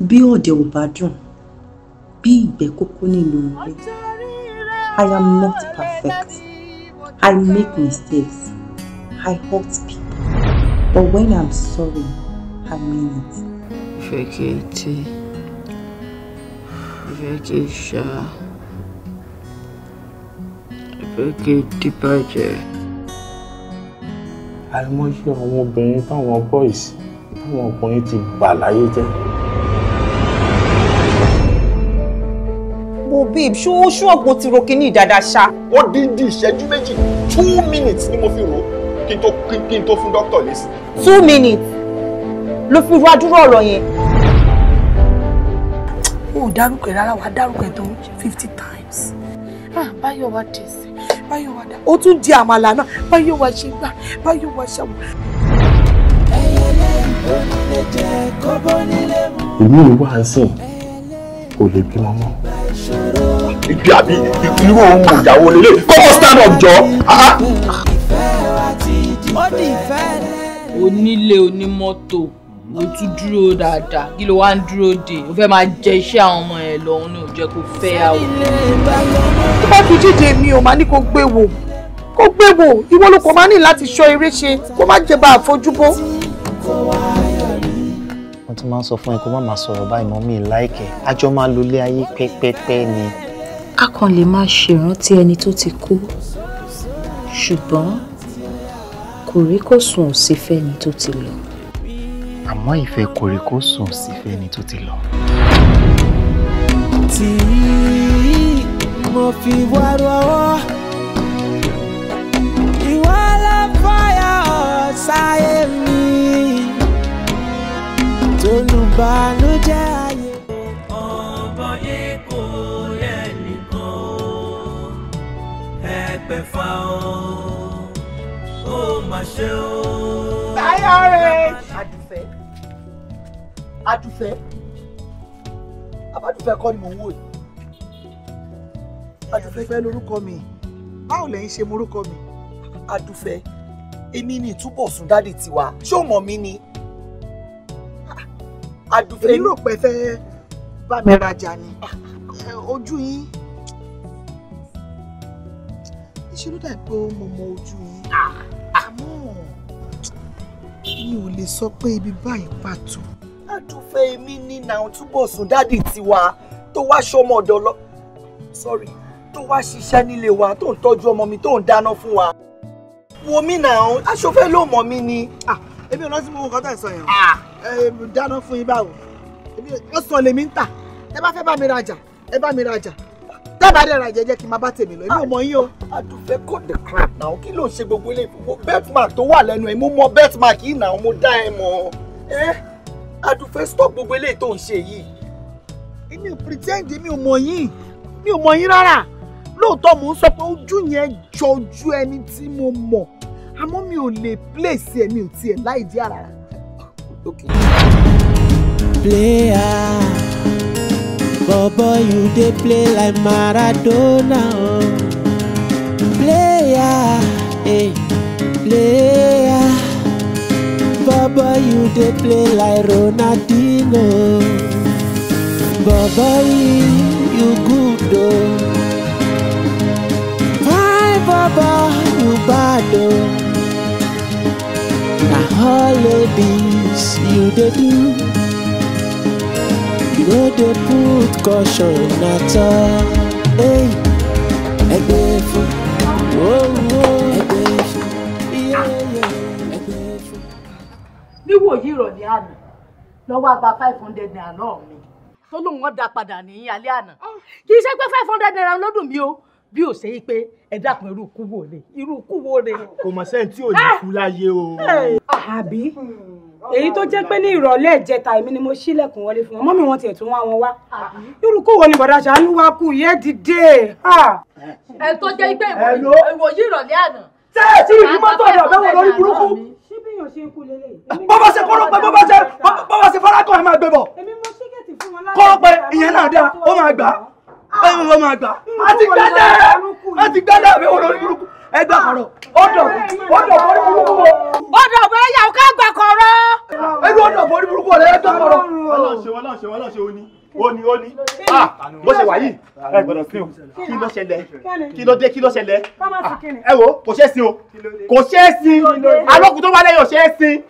bí ọ̀dẹ̀ ò bá dùn bí ìgbẹ́ kókó nínú rẹ̀ I am not perfect I make mistakes I hurt people but when I'm sorry I mean it. ìfẹ́ kì í tí ìfẹ́ kì í ṣá ìfẹ́ kì í dìbàjẹ́. àìmọye àwọn obìnrin táwọn boys táwọn ọkùnrin ti bà láyé jẹ́. wo babe ṣó ṣó ọ̀pọ̀ ti ro kíní dáadáa ṣá. ó dín dín ìṣẹ́jú méjì two minutes ni mo fi rò kí n tó kí n tó fún dókítà lésì. two minutes ló fi ro adúrò ọ̀rọ̀ yẹn. o ò dárúkọ ẹ rárá wàá dárúkọ tó fifty times. ah báyọ̀ wá dé sí báyọ̀ wá dá o tún di àmàlà náà báyọ̀ wá ṣe gbà báyọ̀ wá ṣàwọ̀. èmi ò wá sí kò lè bímọ mọ́ ibi àbí irú òun ìyàwó lélẹ̀ kọ́kọ́ stand up jọ. Ah, ah. onílé onímọ́tò o mhm. tún dúró dáadáa kí ló wá ń dúró dè o fẹ́ máa jẹ iṣẹ́ àwọn ọmọ ẹ̀ lọ́hún ni ò jẹ́ kó fẹ́ àwọn. tó bá fi jíjẹ mi ò máa ní kó gbé wò kó gbé wò ìwọ ló kọ máa ní láti ṣọ́ eré ṣe kó má jẹ bá àfojúbó mo ti máa ń sọ fún ẹ kó má máa sọ̀rọ̀ báyìí mọ́ mi láìkẹ́ àjọ máa lo ilé ayé pẹ́pẹ́pẹ́ ni. a kàn lè máa ṣèrántí ẹni tó ti kú ṣùgbọ́n kò rí kó sùn sí fẹ́ni tó ti lọ. àmọ́ ìfẹ́ kò rí kó sùn sí fẹ́ni tó ti lọ. tí mo fi wá rọ́wọ́ ìwọ́lọ́ fọyọ́ sáyé mi tolùbànújẹ́ ayé. ọ̀bọ̀yé kò yẹ nìkan o ẹgbẹ̀fà o ó mà ṣe o. táyà rẹ̀. adùfẹ́ adùfẹ́ abádùfẹ́ kọ́ ni mò ń wò yìí adùfẹ́ lórúkọ mi báwo lẹ́yìn ṣe morúkọ mi adùfẹ́ èmi ni ìtúbọ̀sùn dádì tiwa ṣé o mọ̀ mí ni àdùfẹ́ èmi rò pé fẹ́ bá mi rajà ni ah, ah, ah. ojú yín iṣẹ́ ló dàbí pé mo mọ ojú yín àmọ́ mi ò lè sọ pé ibi báyìí pàtó. àdùfẹ́ mi ní nàún túbọ̀ sùn dáàdì tiwa tó wá ṣọmọ ọ̀dọ̀ lọ sorry tó wá ṣiṣẹ́ nílé wa tó ń tọ́jú ọmọ mi tó ń dáná fún wa wo mí nàún aṣọ fẹ́ ló mọ̀ mí ni. Ah èmi ò lọ sí mo nǹkan tó ń sọ yẹn o ah. dáná fún yín báwo èmi ò sọ lèmi ń tà ẹ bá fẹ́ bá mi rajà ẹ bá mi rajà dábàá dẹ̀ rajà jẹ́ kí n máa bá tèmi lọ èmi ò mọ yín o. adùnfẹ́ kò dé crap náà kí ló ń ṣe gbogbo ilé ìfowó betmark tó wà lẹ́nu ẹ̀ mo mọ betmark yìí náà mo dá ẹ mọ̀ ẹ́ adùnfẹ́ stop gbogbo ilé tó ń ṣe yìí. èmi ò pretend mi ò mọ yín mi ò mọ yín rárá lóòótọ́ mò ń sọ pé ojú yẹn jọjú ẹni tí mo mọ̀ àmọ́ mi ò lè pléèsì ẹ̀ mi ò tiẹ̀ láì dí ara. player bobo you dey play like Maradona o oh. player hey, eh, player bobo you dey play like Ronaldinho oh. bobo you good o. Oh. Hi bobo you bad o. Oh holidays you dey do you no dey put caution at all. Hey, ẹgbẹ́ e fún ẹgbẹ́ e fún ẹgbẹ́ e fún. níwòyí ìrọ̀lẹ́ àná lọ́wọ́ àgbà five hundred naira náà mi tó lóun wọ́n dá padà ní alẹ́ àná ah. kì í ṣe pé five hundred naira ló dùn mí o bí ò ṣe pé ẹ dákun irú kú wo rè irú kú wo rè. kò mọ̀ sẹ́ni tí ò ní ah! kú láyé o. àbí èyí tó jẹ́ pé ní ìrọ̀lẹ́ ìjẹta èmi ni mo ṣílẹ̀kùn wọlé fún wọn mọ́mí wọn tiẹ̀ tún wá wọn wá irú kú wo ni bọ̀dá ṣàánú wa kú yé dìde. ẹ tó jẹ́ pé ìwòyí ìrọ̀lẹ́ àná. tẹ́ ẹ ti rí mọ́tò ọ̀dọ̀ mẹ́wọ̀n lórí burúkú. bọ́bá ṣe kọ́ ló pẹ́ bọ́bá ṣe farakọ̀ ẹ̀ máa gbé bọ̀. kọ́ pé ìyẹn náà dáa ó máa gbà á báyìí mo fẹ́ máa gbà á ti gbádẹ́ á ti gbádẹ́ àbí wọn lórí burúkú ẹ gbà kọ̀rọ̀ ọ̀dọ̀ ọ̀dọ̀ forí burúkú o. ọ̀dọ̀ bẹ́ẹ̀ yà ó ká gbà kọ̀rọ̀. ẹnu ọ̀dọ̀ forí burúkú ọ̀lẹ́ ẹ gbà kọ̀rọ̀. ọlọ́ọ̀ṣẹ́ ọlọ́ọ̀ṣẹ́ ọlọ́ọ̀ṣẹ́ òní òní òní ah, bó ṣe wà yìí ẹ gbọ́dọ̀ sí o kí ló ṣẹlẹ̀ kí ló dé kí ló ṣẹlẹ̀ ah, ẹ wo kò ṣe é sin o kò ṣe é sin alókùn tó wà lẹ́yìn ò ṣe é sin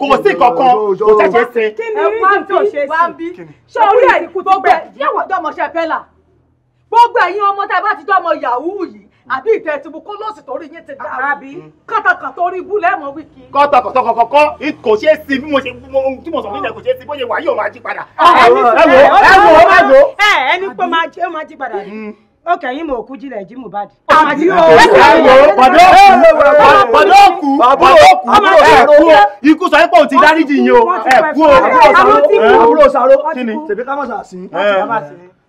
kò sí kankan kò ṣe é sin. kí ni rí ti wá ń bí ṣé orí ẹ̀ ìkú tó gbẹ yẹ̀wò ọjọ́ ọmọọṣẹ́ fẹ́ là gbogbo ẹ̀yin ọmọ tá a bá ti jọ ọmọ yahoo yìí àbí ìtẹ̀ tìbú kó lọ́ọ̀sì torí yín ti dá àbí kọ́tàkàn torí ibú lẹ́mọ̀ wíkì. kọ́tàkàn tó kò ṣeé sí bí mo ṣe ohun tí mo sọ nílẹ̀ kò ṣeé sí bóyá wàá yóò máa jí padà. Ah, ẹ wo ẹ wo ẹ wo. ẹ eh, ẹni pé ó máa jí padà yìí ó kẹyìn mọ òkú jílẹ̀ jí Mohbad. àbí ah, o eh, ah, pàdé òkú pàdé òkú pàdé òkú eh, ẹ kú o ikú sọ pé òun ti dáríjì yín o ẹ kú o àbúrò sàrò kí ni tèmi ká má sí.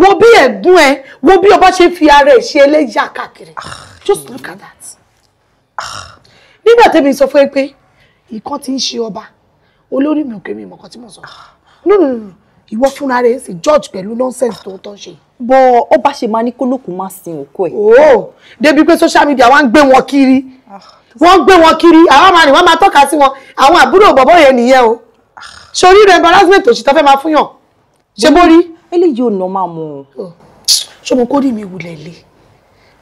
wo bí ẹ̀gbọ́n ẹ wo bí ọba ṣe fi ara ẹ̀ ṣe ẹlẹ́yà káàkiri ah, just look mm. at that. nígbà tẹ́mi sọ fún ẹ pé ìkan ti ń ṣe ọba olórí mi ò kémi ìmọ̀ kan tí mo sọ ah. no no no ìwọ fúnra rẹ̀ sì George, pẹ̀lú nonsense tó tọ́ ṣe. bọ ọba ṣe máa ní kólókùn máa sin òkú ẹ. ooo oh, débi pé social media wá ń gbé wọn kiri ah, wọ́n gbé wọn kiri àwọn ọmọ rẹ̀ wọ́n máa tọ́ka sí wọn àwọn àbúrò bọ̀bọ̀ yẹn nìyẹn o sórí rẹ̀ embarrassment òṣìṣẹ́ fẹ́ máa fúnyàn ṣe bó rí eléyìí ò normal mọ́ o. Oh. ṣọmọ kó rí mi wulẹ̀ lé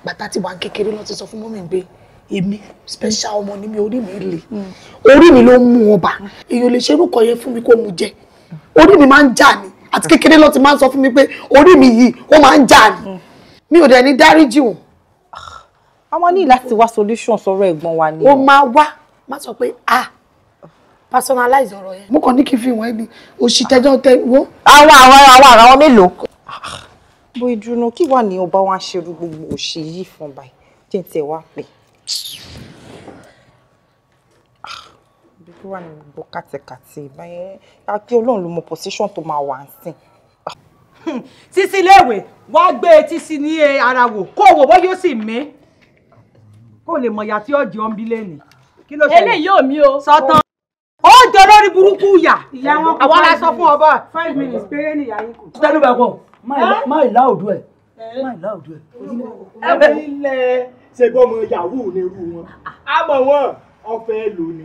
bàtà tí wàá kékeré lọ́ọ́ ti sọ fún mọ́mí pé èmi special ọmọ ni mi orí mi lè mm. orí mi ló ń mú ọba èèyàn lè ṣe irúkọ yẹn fún mi kó mu jẹ orí mi máa ń jà ni àti mm. kékeré lọ́ọ́ ti máa ń sọ fún mi pé orí mi yìí ó máa ń jà ni mm. mi ò dẹ̀ ní dáríjì wọn. Ah, a máa ní láti wá solution sọ̀rọ̀ ẹ̀gbọ́n wa ni. ó máa wá má sọ pé ah personalize ọ̀rọ̀ yẹn. mo kàn ní kí n fi wọ́n ibi òṣì tẹjọ́ tẹ wo. àwọn àwọn àwọn àrà wọn mélòó. bó ìdùnnú kí wà ní ọba wa ṣerú gbogbo òṣì yìí fún báyìí jẹ́ tẹ̀ wá pé. ibi tó wà ní gbogbo kàtẹ́kàtẹ́ báyẹn akí ọlọ́run ló mọ position tó máa wà á sìn sísí léèwé wá gbé etí sí ní ara wò kó wò wọ́n yóò sì mí kó lè mọ̀ ìyá tí ọ̀jẹ̀ ọ̀nbí lẹ́nu kí ló ṣẹlẹ̀ eléyìí ò mí o sọtán burúkú yà àwa la sọ fún ọba. five minutes péré ni ìyá yín kù. tẹ́lú bẹ̀ pọ̀ má ìlà òdu ẹ̀ eh? má ìlà òdu ẹ̀. ẹ nílẹ̀ ṣègbọ́n ọmọ yahoo ni irú wọn àmọ́ wọn ọfẹ lò ní.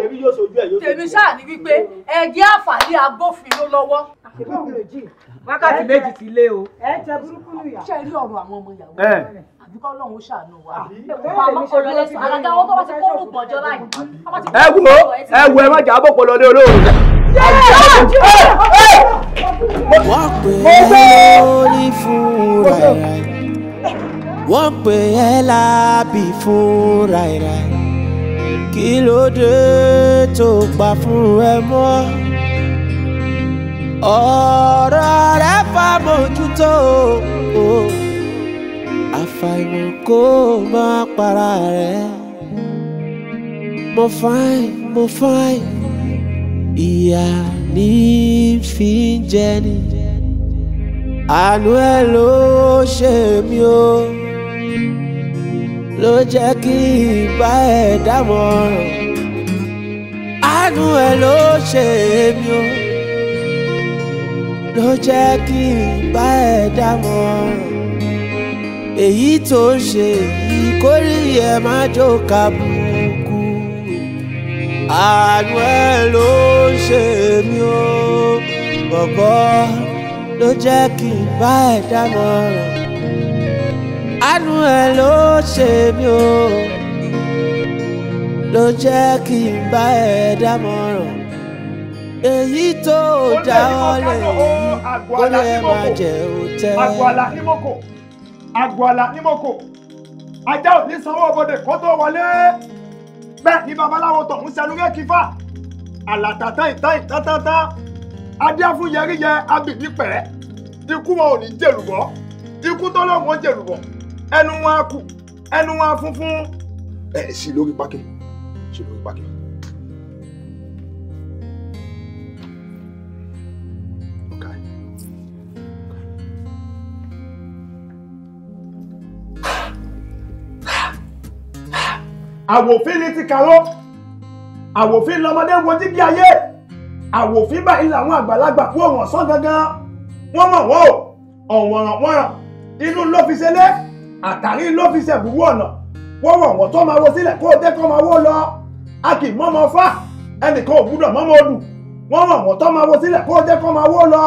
ẹ yóò sojú ẹ yóò sojú ẹ. tèmi ṣáà ní wípé ẹjẹ àǹfààní agbófinró lọ́wọ́. wákàtí méjì ti lé o. ẹ jẹ burúkú nìyà. ṣé ẹ rí ọ̀rọ̀ àwọn ọmọ yahoo àbí kọ́ lọ́hún ṣàánú wa. ẹ wo ẹ wo ẹ má jà bọ̀ pọlọ ní olóòrùn. wọ́n pè é lórí fúnra ẹ̀ wọ́n pè é lábì fúnra ẹ̀ kí ló dé tó gbà fún ẹ mọ́ ọ̀rọ̀ rẹ̀ fà mójútó àfàìmọ̀ kó má para rẹ̀ mo fine mo fine ìyá ní fi ń jẹni àánú ẹ ló ṣe mí o ló jẹ́ kí n bá dámọ̀ràn àánú ẹ ló ṣe mí o ló jẹ́ kí n bá dámọ̀ràn èyí tó ń ṣe yìí kórìí ẹ má jó kàbùkù àánú ẹ ló ń ṣe mí o bọ̀bọ̀ ló jẹ́ kí n bá ẹ dámọ̀ràn àánú ẹ ló ṣe mí o ló jẹ́ kí n bá ẹ dámọ̀ràn èyí tó dáwọ́lé yìí kó lè má jẹ́ òtẹ́ àgbọ̀àlà ní moko ajá ò ní sanwó ọbọdẹ kó tó wọlé bẹ́ẹ̀ ni babaláwo tọ̀hún sẹlúgẹ́ kífà àlàtàtà ìta ìtátátá adéáfún yẹríyẹ abìbí pẹ̀rẹ́ ikú wọn ò ní jèlùbọ́ ikú tó lọ́wọ́ jèlùbọ́ ẹnu wọn á kù ẹnu wọn á funfun. ẹ sì lórí pákí sì lórí pákí. àwòfín létí karó àwòfín lọmọdé wo jíjí ayé àwòfín báyìí làwọn àgbàlagbà kú ọ̀wọ̀n sán gangan wọ́n mọ̀ wọ́n o ọ̀wọ̀n wọ́n inú ló fi ṣe lé àtàrí ló fi ṣe gbùgbù ọ̀nà wọ́n wọ̀ wọ́n tó máa wo sílẹ̀ kó o dé kó máa wó lọ a kì í mọ́mọ́ fá ẹnìkan ò gbúdọ̀ mọ́mọ́ odù wọ́n wọ̀ wọ́n tó máa wo sílẹ̀ kó o dé kó máa wó lọ.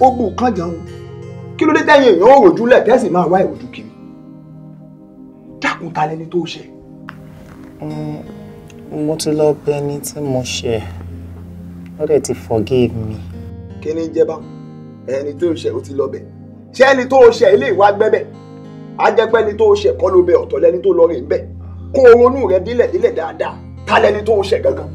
ogun kan jẹun kí ló dé tẹ́yìn èèyàn ò rojú lẹ̀ tẹ́sí máa wá ìrojú kiri dákun ta lẹni tó ṣe. Mm, mo ti lọ bẹ ẹni tí mo ṣe ó dẹ̀ ti forgive me. kí ni jẹ́ báwọn ẹni tó ṣe ó ti lọ bẹ̀ ṣé ẹni tó ṣe ilé ìwà gbẹ́bẹ̀ á jẹ́ pé ẹni tó ṣe kọ́ ló bẹ ọ̀tọ̀ lẹni tó lọ rìn bẹ́ẹ̀ kó o ronú dílẹ̀ dílẹ̀ dáadáa ta tó ṣe gangan.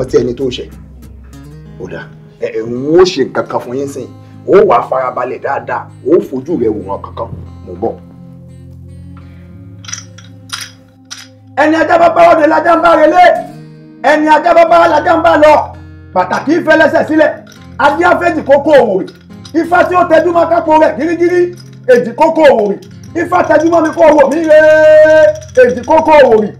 rántí ẹni tó ṣẹ̀ ó dáa ẹ̀hún ó ṣe nǹkan kan fún yín sìn ó wà á farabalẹ̀ dáadáa ó fojú rẹ̀ wòran kankan mò ń bọ̀. ẹni ajábábá ọ̀dẹ lajá ń bá rẹ lé ẹni ajábábá lajá lọ pàtàkì ìfẹlẹsẹ̀ sílẹ̀ adíáfẹ́jì kókó òwòrì ifá tí ó tẹjú mọ́ kápò rẹ̀ gírígírí èjì kókó òwòrì ifá tẹjú mọ́ mi kó owó mi rèé èjì kókó òwòrì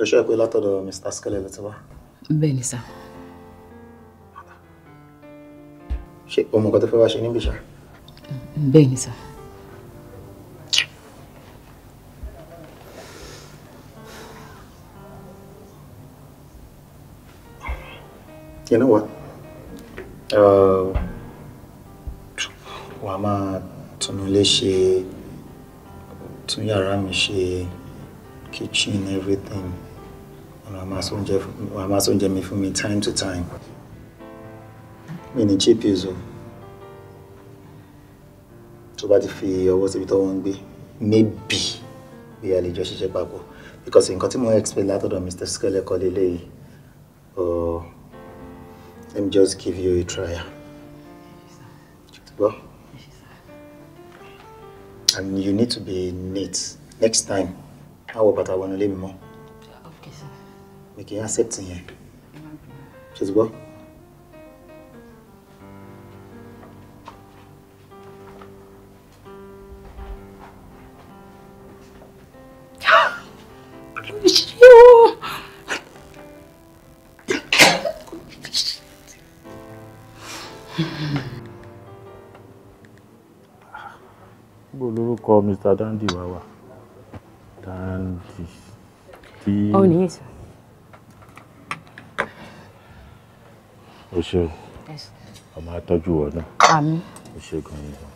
ẹ ṣe pé látọ̀dọ̀ Mr. Skele ló ti wá. bẹ́ẹ̀ ni sá. ṣé o mọ̀ nǹkan tó fẹ́ wá ṣe níbi ṣá. bẹ́ẹ̀ ni sá. You know what? Uh, wàá máa tún ilé ṣe mi she kitchen everything ọ̀nà àmásóúnjẹ mi fún mi time to time mi ní chippies o tó bá ti fi ọwọ́ síbi tó wọ́n ń gbé maybe bí a lè jọ ṣiṣẹ́ papọ̀ because nǹkan tí mo expect látọ̀dọ̀ Mr. skele kọ́ lélẹ́yìí oh uh, let me just give you a try. well and you need to be neat next time a wọ bàtà wọnú lé mi more? mi kì í accept yẹn ṣe ti gbọ́. Mr. Dandy wá wà. Dandy. Oh nìyí sọ. o ṣeun a máa tọ́jú ọ náà àmín o ṣe gan ni gan.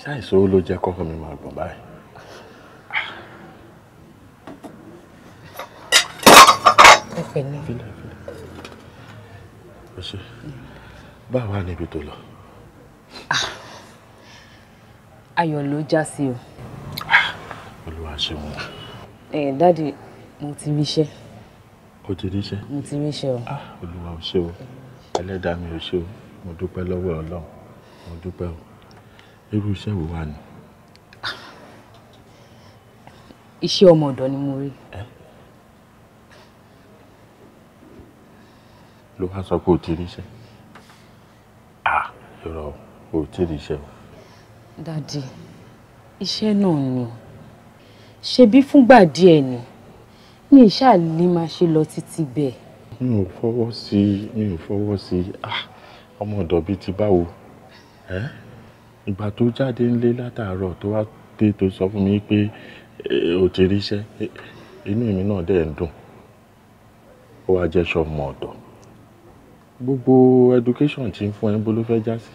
ṣáìsó ló jẹ́ kọ́kọ́ mi máa gbọ̀n báyìí. ẹ pẹ̀lú. o tó lọ. ayọ̀ ló já sí o. olúwa ṣeun. ẹ dáàdi mo ti ríṣẹ́. o ti ríṣẹ́. mo ti ríṣẹ́ o. Ah, olúwa ò ṣe o ẹlẹ́dàá mi ò ṣe o mo dúpẹ́ lọ́wọ́ ọlọ́run mo dúpẹ́ o irú iṣẹ́ wo wà ní. iṣẹ́ ọmọ ọ̀dọ́ ni mo rí. ló wá sọ pé o ti ríṣẹ́. ah irọ́ o ti ríṣẹ́ o dadi iṣẹ́ náà ni ṣebí fúngbà díẹ̀ ni mi ṣáà ní máa ṣe lọ títí bẹ́ẹ̀. mi ò fọwọ́ sí i mi ò fọwọ́ sí i ah, ọmọ ọ̀dọ̀ bíi ti báwo ìgbà tó jáde ńlé látàárọ̀ tó wá dé tó sọ fún mi pé ó ti ríṣẹ́ inú mi náà dẹ̀ ń dùn ó wá jẹ́ sọmọ ọ̀dọ̀ gbogbo education tí ń fún ẹ bó ló fẹ́ já sí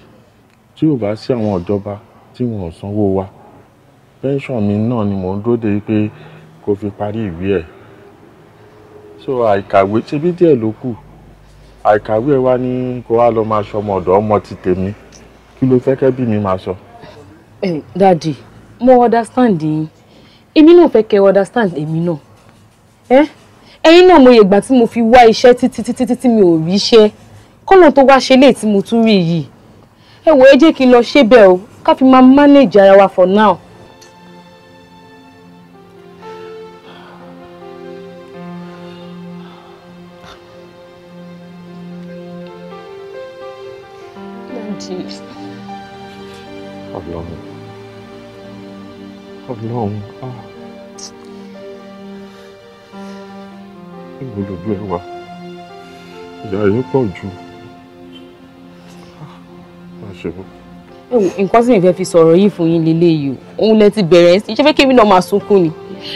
tí ò bá sí àwọn ìjọba tí wọn ò sanwó wa. Pension mi náà ni mò ń dúró de pé kó fi parí ìwé ẹ̀. So àìkàwé ṣebí díẹ̀ ló kù. Àìkàwé ẹ wá ní wá lọ máa ṣọmọ ọ̀dọ̀ ọmọ ti tèmi. Kí ló fẹ́ kẹ́bí mi máa sọ? Ẹ dadi, mo understand yín. Èmi náà fẹ́ kẹ́ understand èmi náà. Ẹ́ náà mo yẹ ìgbà tí mo fi wá iṣẹ́ títí títí títí mi ò ríṣẹ́ kọ́nà tó wá ṣe léè tí mo tún rí yìí ẹ wò ẹ jẹ́ kí n lọ ṣébẹ̀ o ká fi máa manage ara wa for now. Ọlọ́run Ọlọ́run ah ìwọ lójú ẹ wá ìyá yẹn pọ̀ jù ah má ṣe nǹkan sì ń fẹ́ fi sọ̀rọ̀ yìí fún yín lélẹ́yìí o òun lẹ ti bẹ̀rẹ̀ sí ṣé fẹ́ kémi náà máa sunkún ni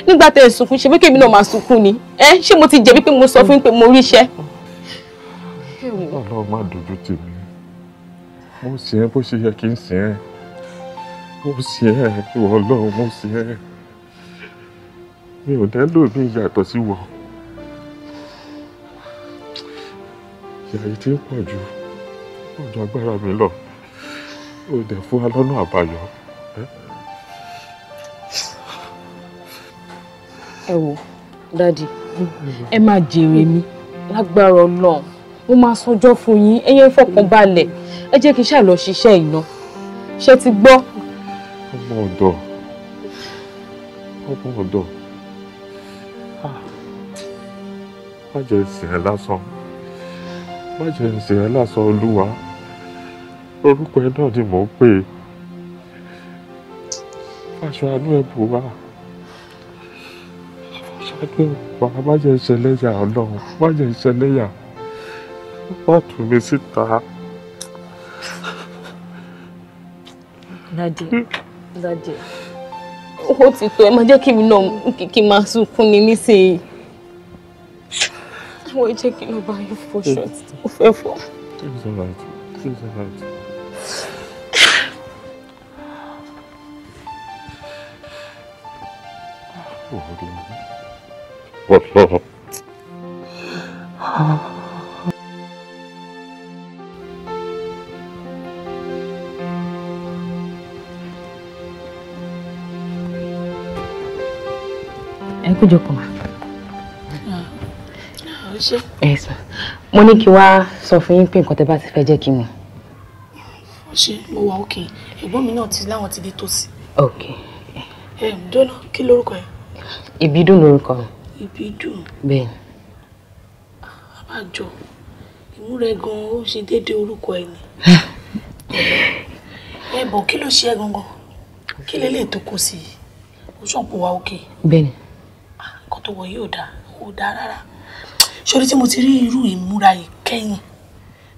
nígbà tẹ́ ẹ sunkún ṣé fẹ́ kémi náà máa sunkún ni ẹ ṣé mo ti jẹ̀bi pé mo sọ fún yín pé mo rí iṣẹ́. ọlọ́run má dojú tì mí mo sìn ẹ́ bó ṣe yẹ kí n sìn ẹ́ mo sìn ẹ́ ìwọ ọlọ́run mo sìn ẹ́ mi ò dẹ́lò mi yàtọ̀ sí wọ ìyà yìí ti ń pọ̀ ju pọ̀ ju agbára mi lọ o dẹ̀ fún wa lọ́nà àbáyọ. ẹ wo dádì mm-hmm. ẹ máa jèrè mi lágbára Ọlọ́run mo máa sọjọ́ fún yín ẹ yẹn fọkàn balẹ̀ ẹ jẹ́ kí n ṣáà lọ ṣiṣẹ́ iná ṣe ti gbọ́. ọmọ ọ̀dọ̀ ọmọ ọ̀dọ̀ ah. má jẹ́ ìsìn ẹ lásán má jẹ́ ìsìn ẹ lásán olúwa orúkọ ẹ náà ni mò ń pè é fàṣàánú ẹ bò wá fàṣàánú ẹ bò wá má jẹ́ ìṣẹ̀lẹ́yà Ọlọ́run má jẹ́ ìṣẹ̀lẹ́yà má síta. Nadia Nadia ó ti tó ẹ má jẹ́ kí mi náà kí n máa sunkún ni nísìnyí àwọn ìjẹ́ kí n lọ bá yín fọṣọ fẹ́ fọ. Allah. ẹ kú jókòó ma. ẹ sọ mo ní kí wá sọ fún yín pé nǹkan tẹ́ bá ti fẹ́ jẹ́ kí n mọ̀. ṣe mo wà òkè ẹ̀gbọ́n mi náà ti láwọn ti dé tòsí. ok. ẹ dọ́nà kí lórúkọ yẹn. Ìbídùn lórúkọ mi. Ìbídùn. Bẹ́ẹ̀ ni. Àbájọ, ìmúrẹ gan-an ó ṣe déédéé orúkọ ẹ ni. Ẹ bọ̀ kí ló ṣe ẹ gangan? Kí lélẹ̀ tó kó sí i? Ó ṣọ̀pọ̀ wa òkè. Bẹ́ẹ̀ ni. Ah, nǹkan tó wọ yìí ò dáa, kò dáa rárá. Ṣorí tí mo ti rí irú ìmúra yìí kẹ́yìn,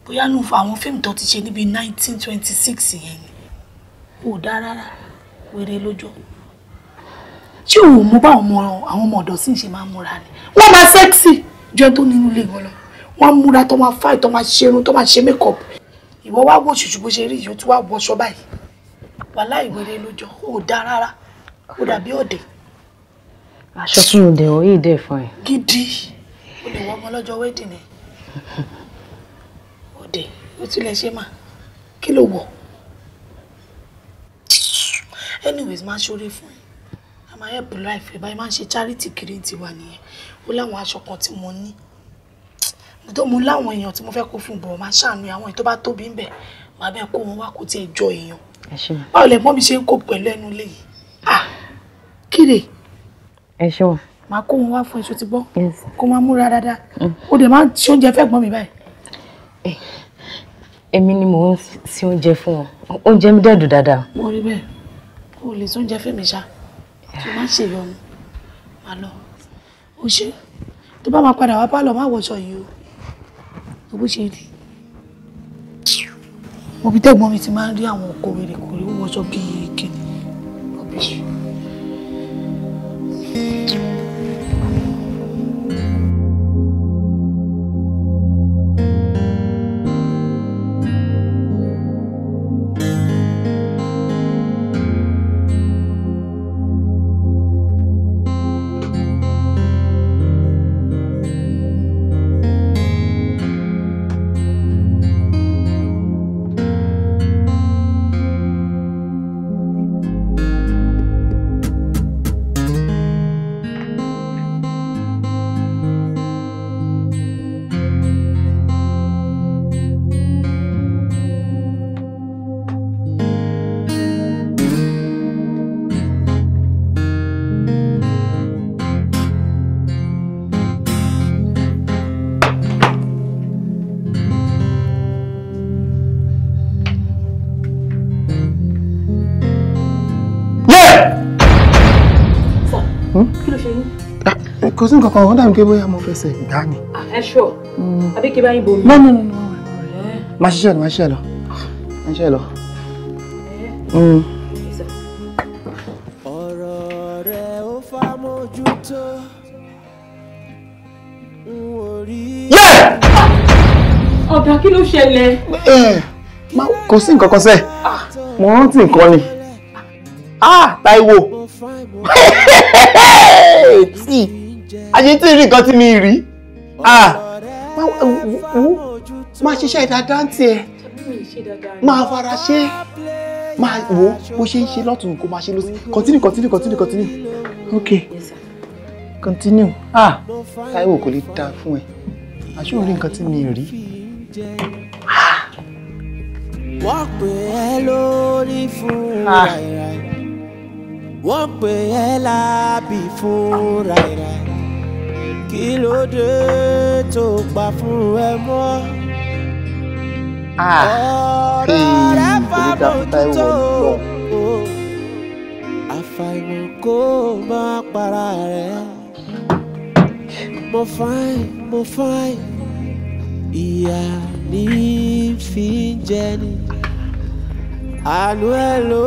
bóyá nù àwọn fíìmù tó ti ṣe níbi 1926 yẹn ni. Kò dáa rárá, wèrè lójó ṣé òun mú bá ọmọ àwọn ọmọ ọ̀dọ̀ sí ṣe máa ń múra ni wọ́n máa sẹ́ksì ju ẹni tó nínú ilé wọn lọ wọ́n múra tó máa fáì tó máa ṣerun tó máa ṣe mékọ̀pù ìwọ wá wọ ṣùṣù bó ṣe rí yìí ó ti wá wọṣọ báyìí wàhálà ìwéré lójọ ó dá rárá ó dàbí ọ̀dẹ̀. aṣọ tí mo dẹ̀ wọ́n yìí dẹ̀ fún ẹ. gidi o lè wọ ọmọ lọ́jọ́ wedding ẹ̀ ọ̀dẹ̀ ó tilẹ̀ ṣe mà kí ló wọ̀ anyways máa ṣoore fún ẹ máa help life ẹ̀ báyìí máa ń ṣe charity kiri tiwa nìyẹn ó láwọn aṣọ kan tí mo ní tó mo láwọn èèyàn tí mo fẹ́ kó fún bọ̀ máa ṣàánú àwọn èèyàn tó bá tóbi ń bẹ̀ máa bẹ́ẹ̀ kó wọn wá kó tiẹ̀ jọ èèyàn báwo lẹ̀ mọ́ mi ṣe ń kó pẹ̀lú ẹnu lé ah kíre. ẹ ṣe wọn. màá kó wọn wá fún èso ti gbọ́ kó máa múra dáadáa ó mm. dẹ̀ máa ń ṣe oúnjẹ fẹ́ gbọ́n mi báyìí. Eh, èmi ni mò ń ṣe oúnjẹ fún wọn oúnjẹ mi dẹ̀ dùn dáadáa. mo rí bẹ́ẹ̀ kó o lè ṣe oúnjẹ fẹ́mi ṣáá tó má ṣe yọnu má lọ ó ṣe tó bá máa padà wá pálọ̀ má wọṣọ yìí o bó ṣe rí òbí tẹ̀gbọ́n mi ti máa ń rí àwọn ọkọ̀ wèrè kò rí wọṣọ bíi kìnnì ọbẹ̀ ṣù. kò sí nǹkan kan ó dàbí pé bóyá mo fẹsẹ̀ gbá ni. Ah, ẹ ṣọ àbí mm. kí bá yín bomi. nọ́ọ̀nù nọ́ọ̀nù máa Michelle lọ Michelle ṣiṣẹ́ lọ máa ṣiṣẹ́ lọ. Mm. ọ̀rọ̀ rẹ̀ ó fà mójútó n ò rí. ọ̀gá kí ló ṣẹlẹ̀. kò sí ah. mo rántí nǹkan ni ah Táíwò tí. àṣé tí rí nǹkan tí mi rí ah. ah. máa ṣiṣẹ́ dáadáa ń tiẹ̀ máa fara ṣe máa wò bó ṣe ń ṣe lọ́tún kó máa ṣe lọ́sí continue continue continue continue ok continue ah Táíwò kò lè dáa fún ẹ àṣé ò rí nǹkan tí mi rí ah. wọ́n pè ẹ́ lórí fún ràìràì wọ́n pè ẹ́ lábì fún ràìràì kí ló dé tó pa fún ẹ mọ́. Ah, ọ̀rọ̀ rẹ fàbójútó àfàìmọ̀ kó má para rẹ̀. mo fine mo fine ìyá ní fi ń jẹ ni àánú ẹ ló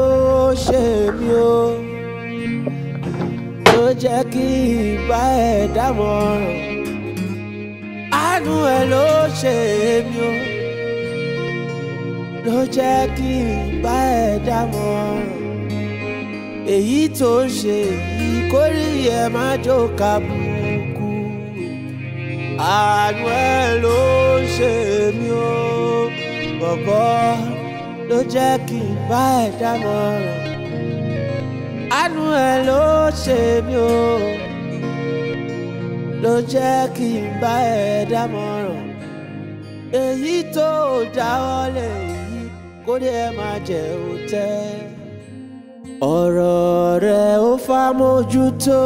ṣe mí o jẹ́ kí ìbá ẹ̀ dámọ̀ràn àánú ẹ̀ ló ṣe mí o ló jẹ́ kí ìbá ẹ̀ dámọ̀ràn èyí tó ṣe yìí kórìí ẹ̀ má jó kàbùkù àánú ẹ̀ ló ṣe mí o bọ̀bọ̀ ló jẹ́ kí ìbá ẹ̀ dámọ̀ràn àánú ẹ ló ṣe mí o ló jẹ́ kí n bá ẹ dámọ̀ràn èyí tó dáwọ́lé yìí kó dé ẹ máa jẹ òtẹ́ ọ̀rọ̀ rẹ ó fá mójútó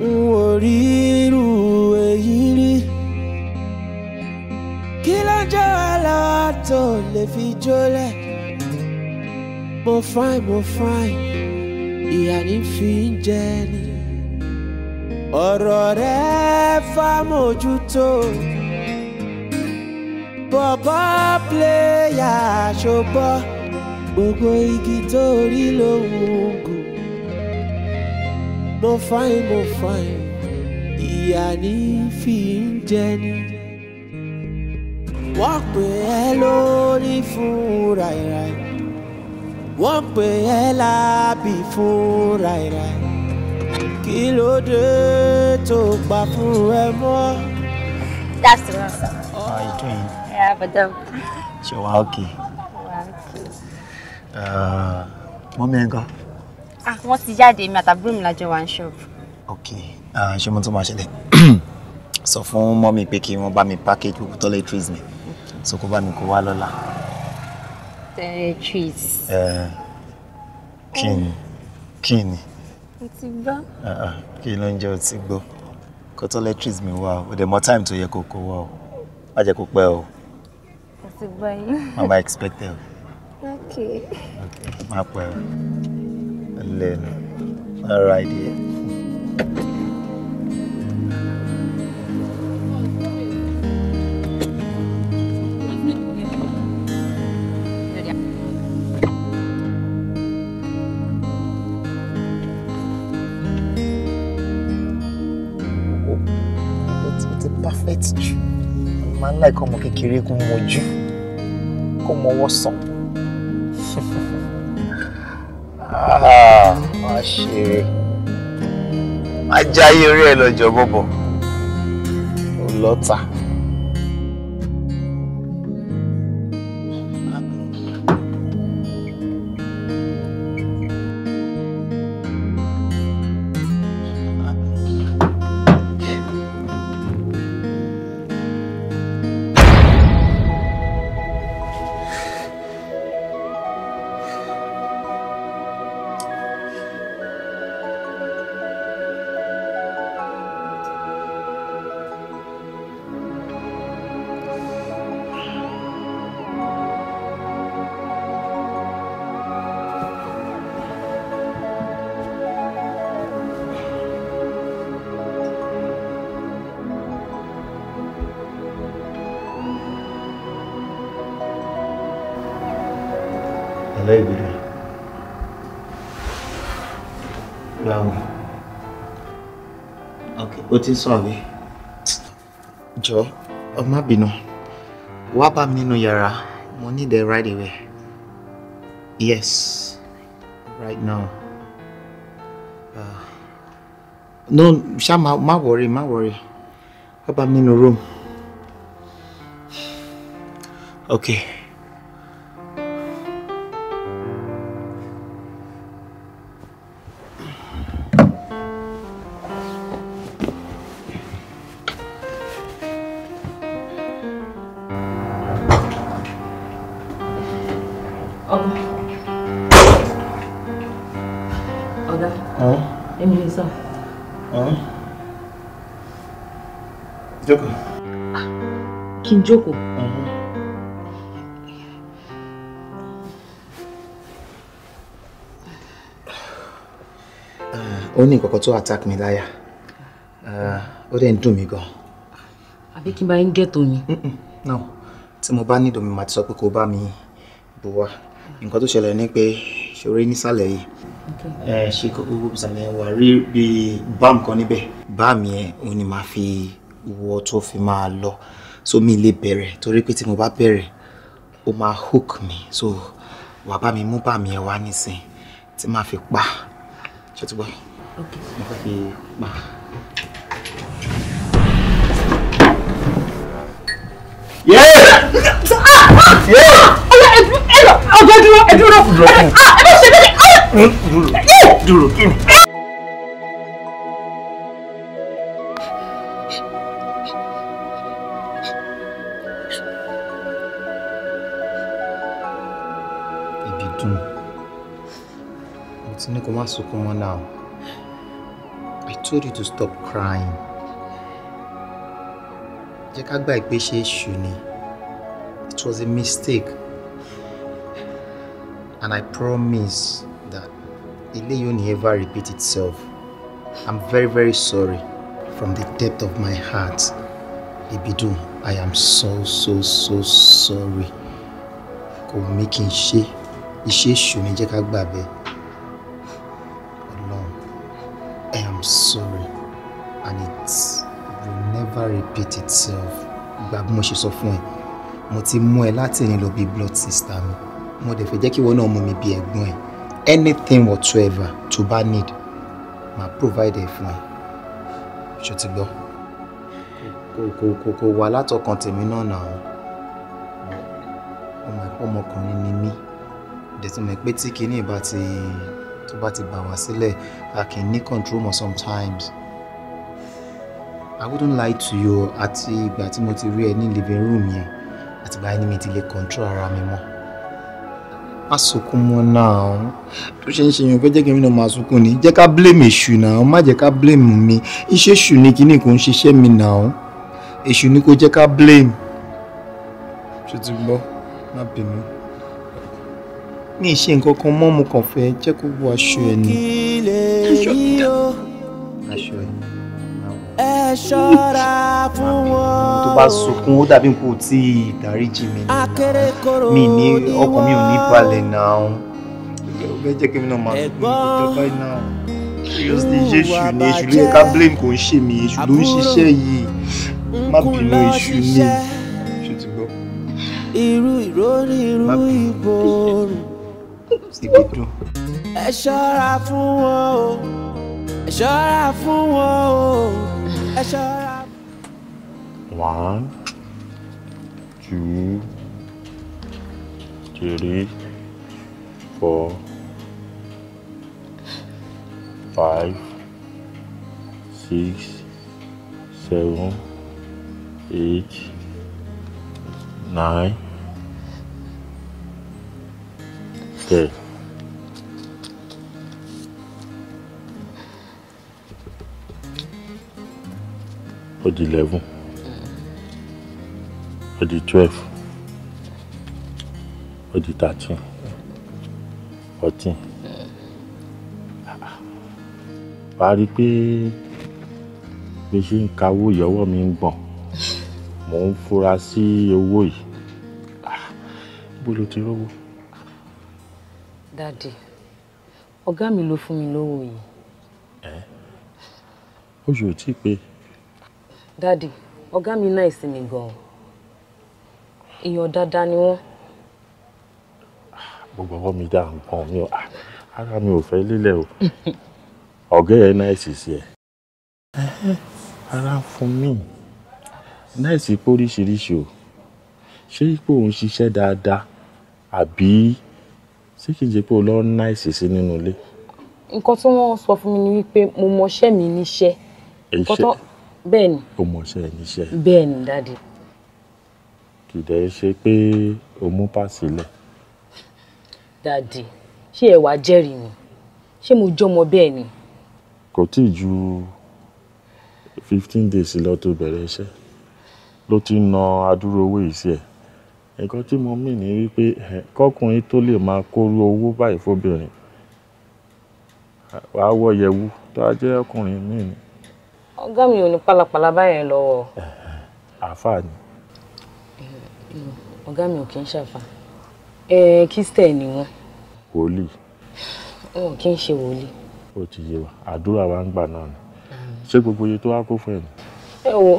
n ò rí irú èyí rí kí ló jẹ́ wàhálà tó lè fi jólẹ̀ mo fine mo fine ìyá fi ń jẹ ni ọ̀rọ̀ rẹ fámójútó bọ̀bọ̀ pléyà ṣọgbọ́ gbogbo igi tó rí lòun gùn mo fine mo fine ìyá fi ń jẹ ni wọ́n pè é lórí fún ràìràì wọ́n pè ẹ́ lábì fún ráìráì kí ló dé tó gbà fún ẹ mọ́. that's the one sir. how are you doing. yeah madam. ṣe wa oke. mọ́mí ẹ̀ ń kọ́. wọ́n ti jáde mi àtàbúrò mi lájọ one shop. ok uh, ṣé mo tún máa ṣẹlẹ̀ sọ fún mọ́mí pé kí wọ́n bá mi package gbogbo toiletries mi so kó bá mi kó wá lọ́la trees. Eh, kí ni kí ni. ọtí gbọ́. Ah, ah, kí ló ń jẹ́ ọtí gbọ́ kó toiletries mi wá o dẹ̀ mọ time tó yẹ kó kó wá o má jẹ́ kó pẹ́ o. ọtí gbọ́ yín. mama expect ẹ o. ok. ok má pẹ́ o. lẹ́nu all right dear. Yeah. máa ń láìkọ́ ọmọ kékeré kó mọjú kó mọwọ́ sàn. Ah, má ṣeré má jáyé rẹ̀ lọ́jọ́ bọ̀bọ̀ ò lọ́ta. ẹlẹ́gbẹ̀rẹ̀ báwo ok o ti sọ àbí jọ ọmọ bínú wá bá mi nínú yàrá mo need a right away yes right now uh, no ṣá má wọrí má wọrí wá bá mi nínú room okay. n jókòó. ó ní nǹkan kan tó attack mi láyà ó dẹ̀ ń dùn mí gan. àbí kí n bá yín gẹ̀tò mi. náà tí mo bá nílò mi màá ti sọ pé kó bá mi bù wá nǹkan tó ṣẹlẹ̀ ni pé ṣòro nísàlẹ̀ yìí ṣe kókó sàlẹ̀ wà rí bíi báàmù kan níbẹ̀ báàmù yẹn òun ni màá fi wọ́ tó fi máa lọ so mi lè bẹ̀rẹ̀ torí pé tí mo bá bẹ̀rẹ̀ ó máa hook mi so wà bá mi mú bá mi ẹ̀ wá nísìn tí màá fi pa ṣé tí gbọ́ mo fẹ́ fi pa. ọjọ́ dúró ẹ dúró ẹ bá ṣe bẹ́ẹ̀ dúró dúró kí ni. kó má sunkún mọ́ náà I told you to stop crying jẹ́ ká gbà pé it was a mistake and I promise that eléyìí ò ní repeat itself I'm very very sorry from the depth of my heart Ibidun I am so so so sorry kò mí kí n ṣe iṣẹ́ èṣù sorry and it will never repeat itself gba bí mo ṣe sọ fún ẹ mo ti mú ẹ láti ẹni lọ bí blood sister mi mo dẹ̀ fẹ́ jẹ́ kí ìwọ náà mú mi bí ẹ̀gbọ́n ẹ anything whatsoever to bá need máa provide ẹ fún ẹ ṣó ti gbọ́ kò kò kò kò wà látọkàn tèmi náà nà ó ọmọkùnrin ni mí dẹ̀ pé tí kinní ìbá ti tó bá ti bà wá sílẹ̀ a kì í control mọ́ sometimes. I wouldn't lie to you àti ìgbà tí mo ti rí ẹ ní living room yẹn àtìgbà ẹni mi ti lè control ara mi mọ́. má sunkún mọ́ náà tó ṣe ń ṣe yẹn fẹ́ jẹ́ kí mi náà máa sunkún ni jẹ́ ká blame èṣù náà má jẹ́ ká blame mi iṣẹ́ èṣù ni kíní kò ń ṣiṣẹ́ mi náà èṣù ni kò jẹ́ ká blame. ṣé ti gbọ́ má bínú ní ìṣe nǹkan kan mọ́ mo kàn fẹ́ jẹ́ kó wọ aṣọ ẹ ni. aṣọ ìdá aṣọ ẹ. ẹ ṣọ́ra fún tó bá sunkún ó dàbí nǹkan tí ìdáríjì mi ní mi ní ọkàn mi ò ní balẹ̀ náà ó fẹ́ jẹ́ kí mi náà máa sunkún ìjọba náà seriously yéṣu ni èṣù ló yẹ ká blame kò ń ṣe mí èṣù ló ń ṣiṣẹ́ yìí má bínú èṣù ni èṣù ti gbọ́. irú ìró irú ìbòrùn ibi ẹ ṣọ́ra fún wọn o ẹ ṣọ́ra fún wọn o ẹ ṣọ́ra. one two three four five six seven eight nine. good. Ó di eleven. Ó di twelve. Ó di thirteen. Fourteen. Wàá rí i pé bí ṣe ń kawó ìyọ́wọ́ mi ń gbọ̀n. Mò ń fura sí owó yìí. Ah, ibo ti rówó? dáàdì ọ̀gá mi ló fún mi lówó yìí. ẹ oṣù ò tí ì pé. dáàdì ọ̀gá mi náà ìsinmi gan-an èèyàn dáadáa ni wọ́n. gbogbo ọwọ́ mi dá nǹkan mi ah, ara mi ò fẹ́ lílẹ̀ o ọ̀gá ẹ̀ náà sì sí ẹ̀ ara ń fún mi náà sì pé oríṣiríṣi o ṣé ipò òun ṣiṣẹ́ dáadáa àbí ṣé kìí ṣe pé o lọ ná ìṣèṣe nínú ilé. nǹkan tí wọ́n sọ fún mi ni wípé mo mọṣẹ́ mi níṣẹ́. iṣẹ́ bẹ́ẹ̀ ni. o mọṣẹ́ níṣẹ́. bẹ́ẹ̀ ni dáàdi. kì í dẹ̀ ṣe pé o mú páàsì lẹ̀. dáàdi ṣé ẹ wàá jẹ́rìí mi ṣé mo jọmọ bẹ́ẹ̀ ni. kò tí ì ju fifteen days lọ tó bẹ̀rẹ̀ iṣẹ́ ló ti ń ná adúrò owó yìí sí ẹ̀. Nǹkan tí mo mean ni wípé kọ́kùnrin tó lè máa kóru owó báyìí fóbìnrin, wàá wọ yẹ̀wù tó bá jẹ́ ọkùnrin míì ni. Ọ̀gá mi ò ní pálapàla báyẹn lọ́wọ́. Àáfàá ni. Ọ̀gá mi ò kí ń ṣàfà. Kristẹ̀ ni wọ́n. Wòlíì. Wọn ò kí ń ṣe wòlíì. Ó ti yé wa, àdúrà wa ń gbà náà ni. Ṣé gbogbo iye tó wá kó fún ẹ ni? Ẹ wo,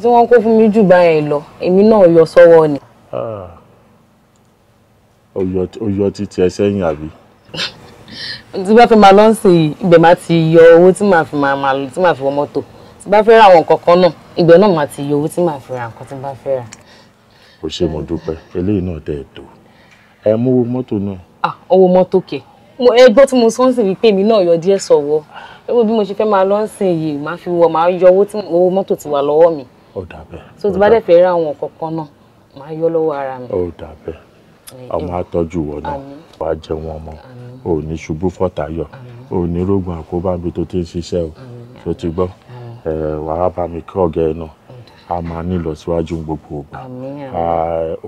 tí wọ́n kó fún mi jù báyẹn lọ, èmi náà yọ sọ́wọ́ ni. Ah. ó yọ títí ẹ sẹ́yìn àbí. tí bá fẹ́ máa lọ sí ibẹ̀ máa ti yọ owó tí màá fi máa lò tí màá fi wọ mọ́tò tí bá fẹ́ ra àwọn nǹkan kan náà ibẹ̀ náà máa ti yọ owó tí màá fi ra nǹkan tí bá fẹ́ ra. ó ṣe mo dúpẹ́ eléyìí náà tẹ̀ tó ẹ mú owó mọ́tò náà. ah owó mọ́tò kẹ̀ ẹ gbọ́ tí mo sọ ń sìn wípé èmi náà yọ díẹ̀ sọ̀wọ́ ewu bí mo ṣe fẹ́ máa lọ ń sìn yìí máa fi wọ máa yọ owó mọ́tò ti wà lọ́wọ́ mi. ó dà bẹ́ẹ̀. so tí bá dẹ̀ fẹ́ ra àwọn nǹkan náà máa yọ lọ́wọ́ ara mi. ó dà bẹ́ẹ̀ ọmọ àtọ́jú wọ náà wàá jẹ wọn mọ ò ní ṣubú fọ́tàyọ̀ ò ní rògùn àkóbá mi tó ti ń ṣiṣẹ́ o tó ti gbọ́ wàá bá mi kí ọ̀gá ẹ náà a máa ní ìlọsíwájú gbogbo ògbà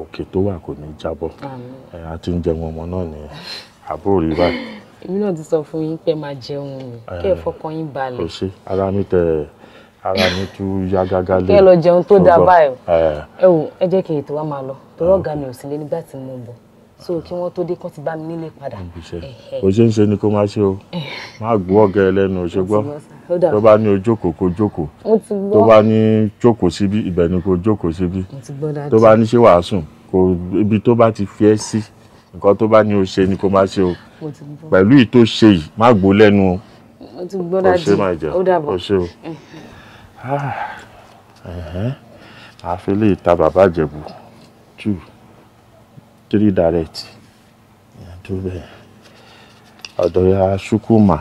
òkè tó wà kò ní jábọ́ a ti ń jẹun ọmọ náà nìyẹn àbúrò rí báyìí. èmi náà ti sọ fún yín pé máa jẹun kẹ́ ẹ fọkàn yín balẹ̀. kò sí ara mi tẹ ara mi tún yá gágá lé. kẹ́ lọ jẹun tó dáa báyìí ẹ wò ẹ jẹ́ kí ètò wa máa lọ torí ah. ọ̀gá mi ò sí lé nígbà tí mo bọ̀ so kí wọ́n tó dé kán ti bá mi nílé padà. o ṣe ń ṣe ni kó má ṣe o eh. má gbọ́ ọ̀gá ẹ lẹ́nu o ṣe gbọ́ tó bá ní o jókòó kó jókòó tó bá ní jókòó síbí ibẹ̀ ni kó jókòó síbí tó bá ní ṣe wàá sùn ibi tó bá ti fi ẹ́ sí nǹkan tó bá ní o ṣe ni kó má ṣe o pẹ̀lú ìtò ṣe yìí má gbọ́ lẹ́nu o ṣe má jẹ́ o ṣe o àfi ah. lè ta bàbá Ìjẹ̀bú two three direct tó bẹ́ẹ̀ ọ̀dọ̀ ya ṣùkúmà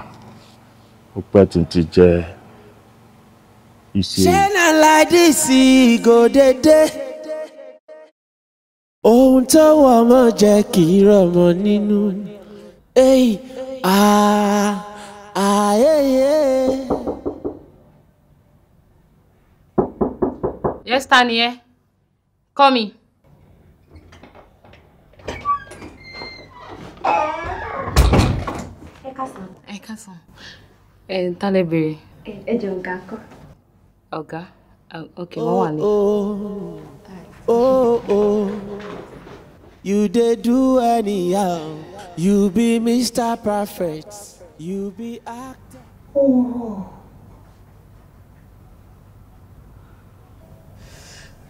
ó pẹ́ tí ti jẹ iṣẹ́. ṣé na like this go ohun tó wọ̀ mọ́ jẹ́ kì í rọ̀ mọ́ nínú ẹ̀yìn àà àyẹ̀yẹ̀. Yes, Tani, eh? Call me. Hey, káàsán. Hey, káàsán. Ẹ ń tálẹ̀ bèrè. Ẹ jẹ́ Okay. kọ́. Ọ̀gá? Uh, ok, wọ́n oh oh, oh, oh, oh, you dey do anyhow, you be Mr. Perfect, you be actor. Oh.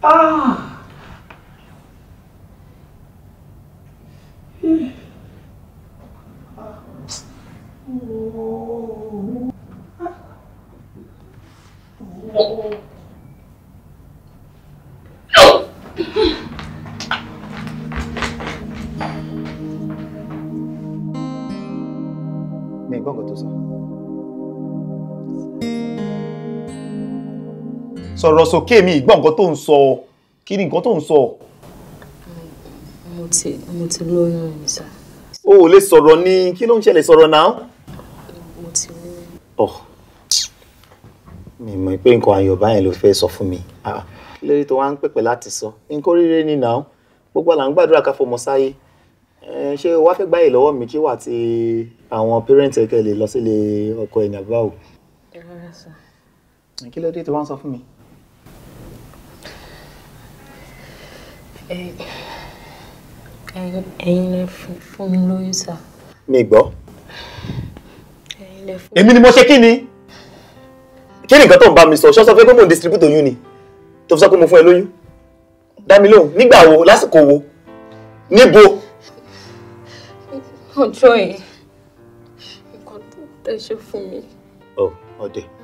啊！嗯啊！呜啊！美国多少？sọ̀rọ̀ sókè mi ìgbọ́ nǹkan tó ń sọ ọ kí ni nǹkan tó ń sọ ọ. mo ti mo ti lóyún mi sá. o ò lè sọ̀rọ̀ ni kí ló ń ṣẹlẹ̀ sọ̀rọ̀ náà. mo ti lóyún. ọ oh. mi mọ̀ pé nǹkan àyọ̀bá yẹn ló fẹ́ sọ fún mi ah, ah. kí lórí tó wá ń pèpè láti sọ nǹkan oríire ni náà gbogbo àlà ń gbàdúrà ká fọmọ sáyé eh, ṣé wàá fẹ́ gbáyè lọ́wọ́ mi kí wà tí àwọn pẹ́rẹ́ǹtì ẹ̀kẹ́ lè lọ sílé ọkọ ẹ̀ ní ẹ rárá sá. kí ló dé tó wá sọ fún mi. ẹ̀yin lè fún mi lóyún sà. mi gbọ́. ẹ̀yin lè fún mi. èmi ni mo ṣe kí ni kí ni nǹkan tó ń bá mi sọ ṣọ́sọ́ fẹ́ pé mò ń distribute oyún ni tó fi sọ pé mo fún ẹ lóyún dá mi lóhùn nígbà wo lásìkò wo níbo. ọjọ́ yẹn nǹkan tó tẹ̀ ṣe fún mi. ọ oh, ọdẹ. Oh,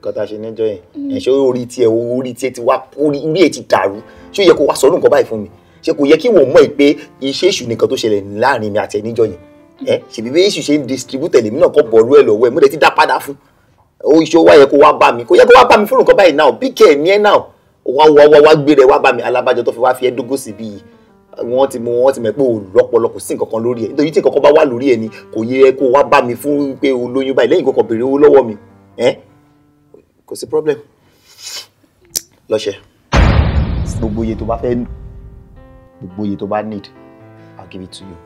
nǹkan tá a ṣe níjọ yẹn mm. ẹ̀ṣọ́ orí tiẹ̀ orí tiẹ̀ ti wá orí ẹ̀ ti dàrú ṣé ó yẹ kó wá sọ́ọ́nù nǹkan báyìí fún mi ṣé kò yẹ kí wọ́n mọ̀ ẹ́ pé iṣẹ́ èṣù nìkan tó ṣẹlẹ̀ láàrin mi àti ẹ̀ níjọ yẹn ẹ ṣèbí bí èṣù ṣe ń distribute lèmi náà kọ́ bọ̀ọ̀lù ẹ̀ lọ́wọ́ ẹ̀ múlẹ̀ ti dá padà fún ó iṣẹ́ ó wá yẹ kó wá bá mi kó yẹ kó wá bá mi fún nǹkan báyìí náà bíkẹ́ ẹ̀ ní ẹ̀ náà wá wá wá ti mọ̀ wọ́n ti mọ̀ pé o lọ́pọlọ kò sí nǹkan lórí ẹ̀ nítorí tí nǹkan bá wà lórí ẹ̀ ni kò yẹ kó wá bá mi fún pé o lóyún báyìí lẹ́yìn kọ́kọ́ béèrè owó lọ́wọ́ mi ẹ́ kò sí problem lọ́ṣẹ̀. gbogbo iye tó bá fẹ́ gbogbo iye tó bá need I'll give it to you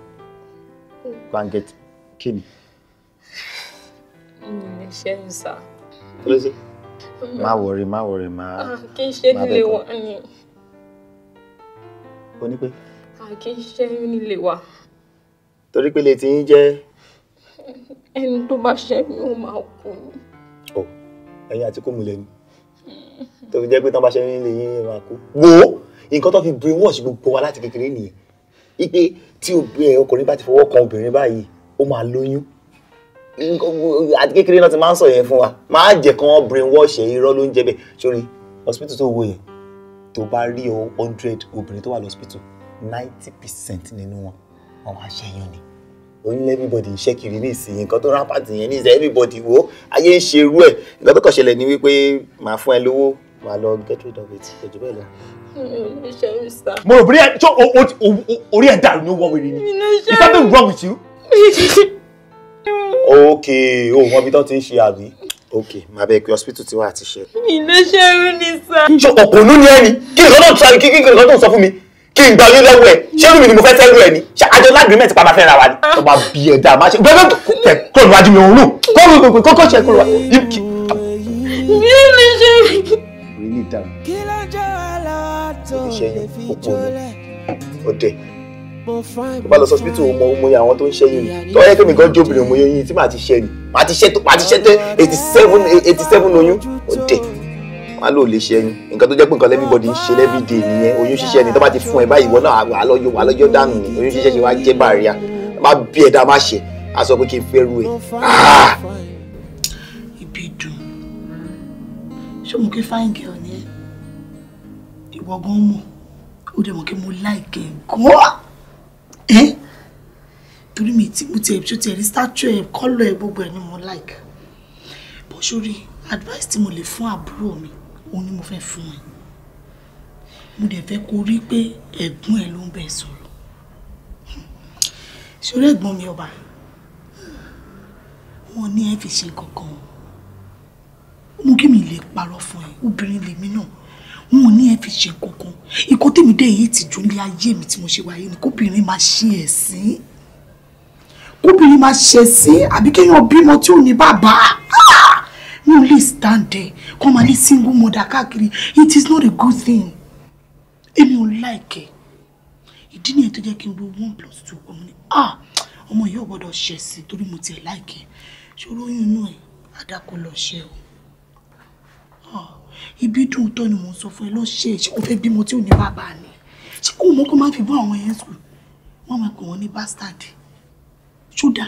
go and get kíni. mi mm, ò ṣe ń sá. Ah, kí ló ṣe. má wọrí má wọrí má. kì í ṣe nílé wa ni. o ní pé. Ah, kì í ṣe nílé wa. torí pé lè ti ń jẹ́. ẹni tó bá ṣe mí ó máa kú ni ẹ̀yin àti kòmù lẹ́nu tó fi jẹ́ pé tán bá ṣe ń lè yín máa kú. wo nǹkan tó fi brainwash gbogbo wa láti kékeré nìyẹn ipe tí ọkùnrin bá ti fọwọ́ kan obìnrin báyìí ó máa lóyún àti kékeré náà ti máa ń sọ yẹn fún wa máa jẹ kán brainwash ẹ irọ́ ló ń jẹ bẹ́ẹ̀ sórí hospital tó wo yẹn tó bá rí hundred obìnrin tó wà lọ́spítù ninety percent nínú wọn àwọn aṣẹ́yàn ni onílé everybody ń ṣẹ́ kiri ní ìsìn nǹkan tó rápàtì yẹn ní ìsìn everybody wo ayé ń ṣe irú ẹ̀ nǹkan tó kàn ṣẹlẹ̀ ni wípé màá fún ẹ lówó màá lọ get rid of it kò jù bẹ́ẹ̀ lọ. mo rò bí ẹ tó orí ẹ dàrú ní owó wẹrẹ ni is something wrong with you. ok o mọ ibi tó ti ń ṣe àbí ok màá bẹ pé hospital ti wá àti ṣe. ìlẹ́ṣẹ̀ rú ni sá. ọ̀pọ̀ ònú ni ẹni kí nǹkan tó ń sọ fún mi kí n gbà yín lọ́wọ́ ẹ̀ ṣé lómi ni mo fẹ́ fẹ́rù ẹ ni àjọ lágbèémẹ̀ ti pa máa fẹ́ ra wa ni. ọba ah. bí ẹ̀dá máa ṣe gbẹ́gbẹ́ kọ́ ló wájú mi òun rò kọ́ ló gbogbo kọ́kọ́ ṣe kọ́ ló wá. bí mi ṣe rí. mi ní ìdáhùn kí ló jẹ́ aláàtọ̀ lè fi jọlẹ̀. ọdẹ tó bá lọ sọ síbítù mo mo yẹ àwọn tó ń ṣẹ́yìn ni tó yẹ kí mi gan jóbìnrin mo yẹ yín tí màá ti ṣẹ́ ni màá ti ṣẹ́ tó màá ti ṣẹ́ tó eighty seven eighty seven oyún ọdẹ wọn á lò lè ṣe ẹyin nǹkan tó jẹ́ pé nǹkan everybody ń ṣe everyday nìyẹn oyún ṣíṣẹ́ ni tó bá ti fún ẹ báyìí ìwọ náà wà lọ́jọ́ wà lọ́jọ́ dànù ni oyún ṣíṣẹ́ ṣe wá jẹ́ bàríà má bí ẹ̀dá má ṣe á sọ pé kí n fẹ́ ru ẹ̀. Ah! ibi dùn ṣé mo kí fine girl ni ẹ ìwọ gan mọ ó dẹ̀ mọ̀ kí mo like ẹ gan ẹ torí mi tí mo tiẹ̀ tó tiẹ̀ rí statue ẹ̀ kọ́lọ̀ ẹ̀ gbogbo ẹ̀ ni mo like bó ṣorí advice tí mo lè fún àbúrò mi òun ni mo fẹ́ fún ẹ mo dẹ̀ fẹ́ kó rí pé ẹ̀gbọ́n ẹ ló ń bẹ̀ sọ̀rọ̀ ṣòro ẹ̀gbọ́n mi ọba wọn ní ẹ fi ṣe kankan mo kí mi lè parọ́ fún ẹ obìnrin lèmi náà wọn ní ẹ fi ṣe kankan ikú tèmi dé èyí tìjú ní ayé mi tí mo ṣe wáyé ni kóbìnrin máa ṣe ẹ̀ sí kóbìnrin máa ṣẹ̀ sí àbí kéèyàn bímọ tí ò ní bàbá ah! mi ò lè stand there Come and ní single mother káàkiri it is not a good thing èmi ò like it, it didn't tó jẹ́ kí one plus two ah ọmọ yìí ò gbọ́dọ̀ ṣẹ̀ sí torí mo tiẹ̀ like it. ṣòro oyún know? ẹ̀ àdàkọ lọ ṣẹ o ah, ibi he tọ́ ni mò ń sọ fún ẹ lọ ṣe ṣé kò fẹ́ bímọ tí ò ní bàbá ni ṣé kò mọ́ kó máa fi bọ́ àwọn yẹn sùn wọ́n bastard ṣúdà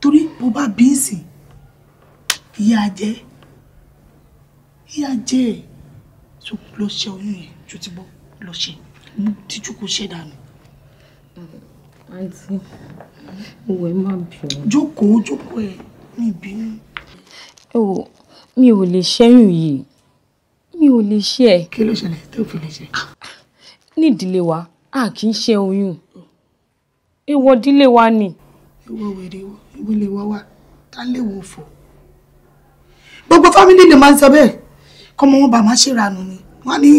torí bó bá bí ń ìyá ẹ̀ tó lọ ṣe oyún yẹn tó ti bọ́ lọ ṣe mú tíjú kò ṣe dànù. àǹtí mm, òwe má bínú. jókòó jókòó ẹ ní ìbínú. ẹ wo mi ò lè ṣẹ́yún yìí mi ò lè ṣe ẹ. kí ló ṣẹlẹ̀ tó fi lè ṣe. Ah, ní ìdílé wa a kì í ṣe oyún èèwọ̀ ìdílé wa ni. èèwọ̀ wèrè wọ ìwé lè wọ wa ká lè wò fò. gbogbo fámìlì lè máa ń sọ bẹ́ẹ̀ kọ́mọ wọn bá ṣèrànù ni wọ́n ní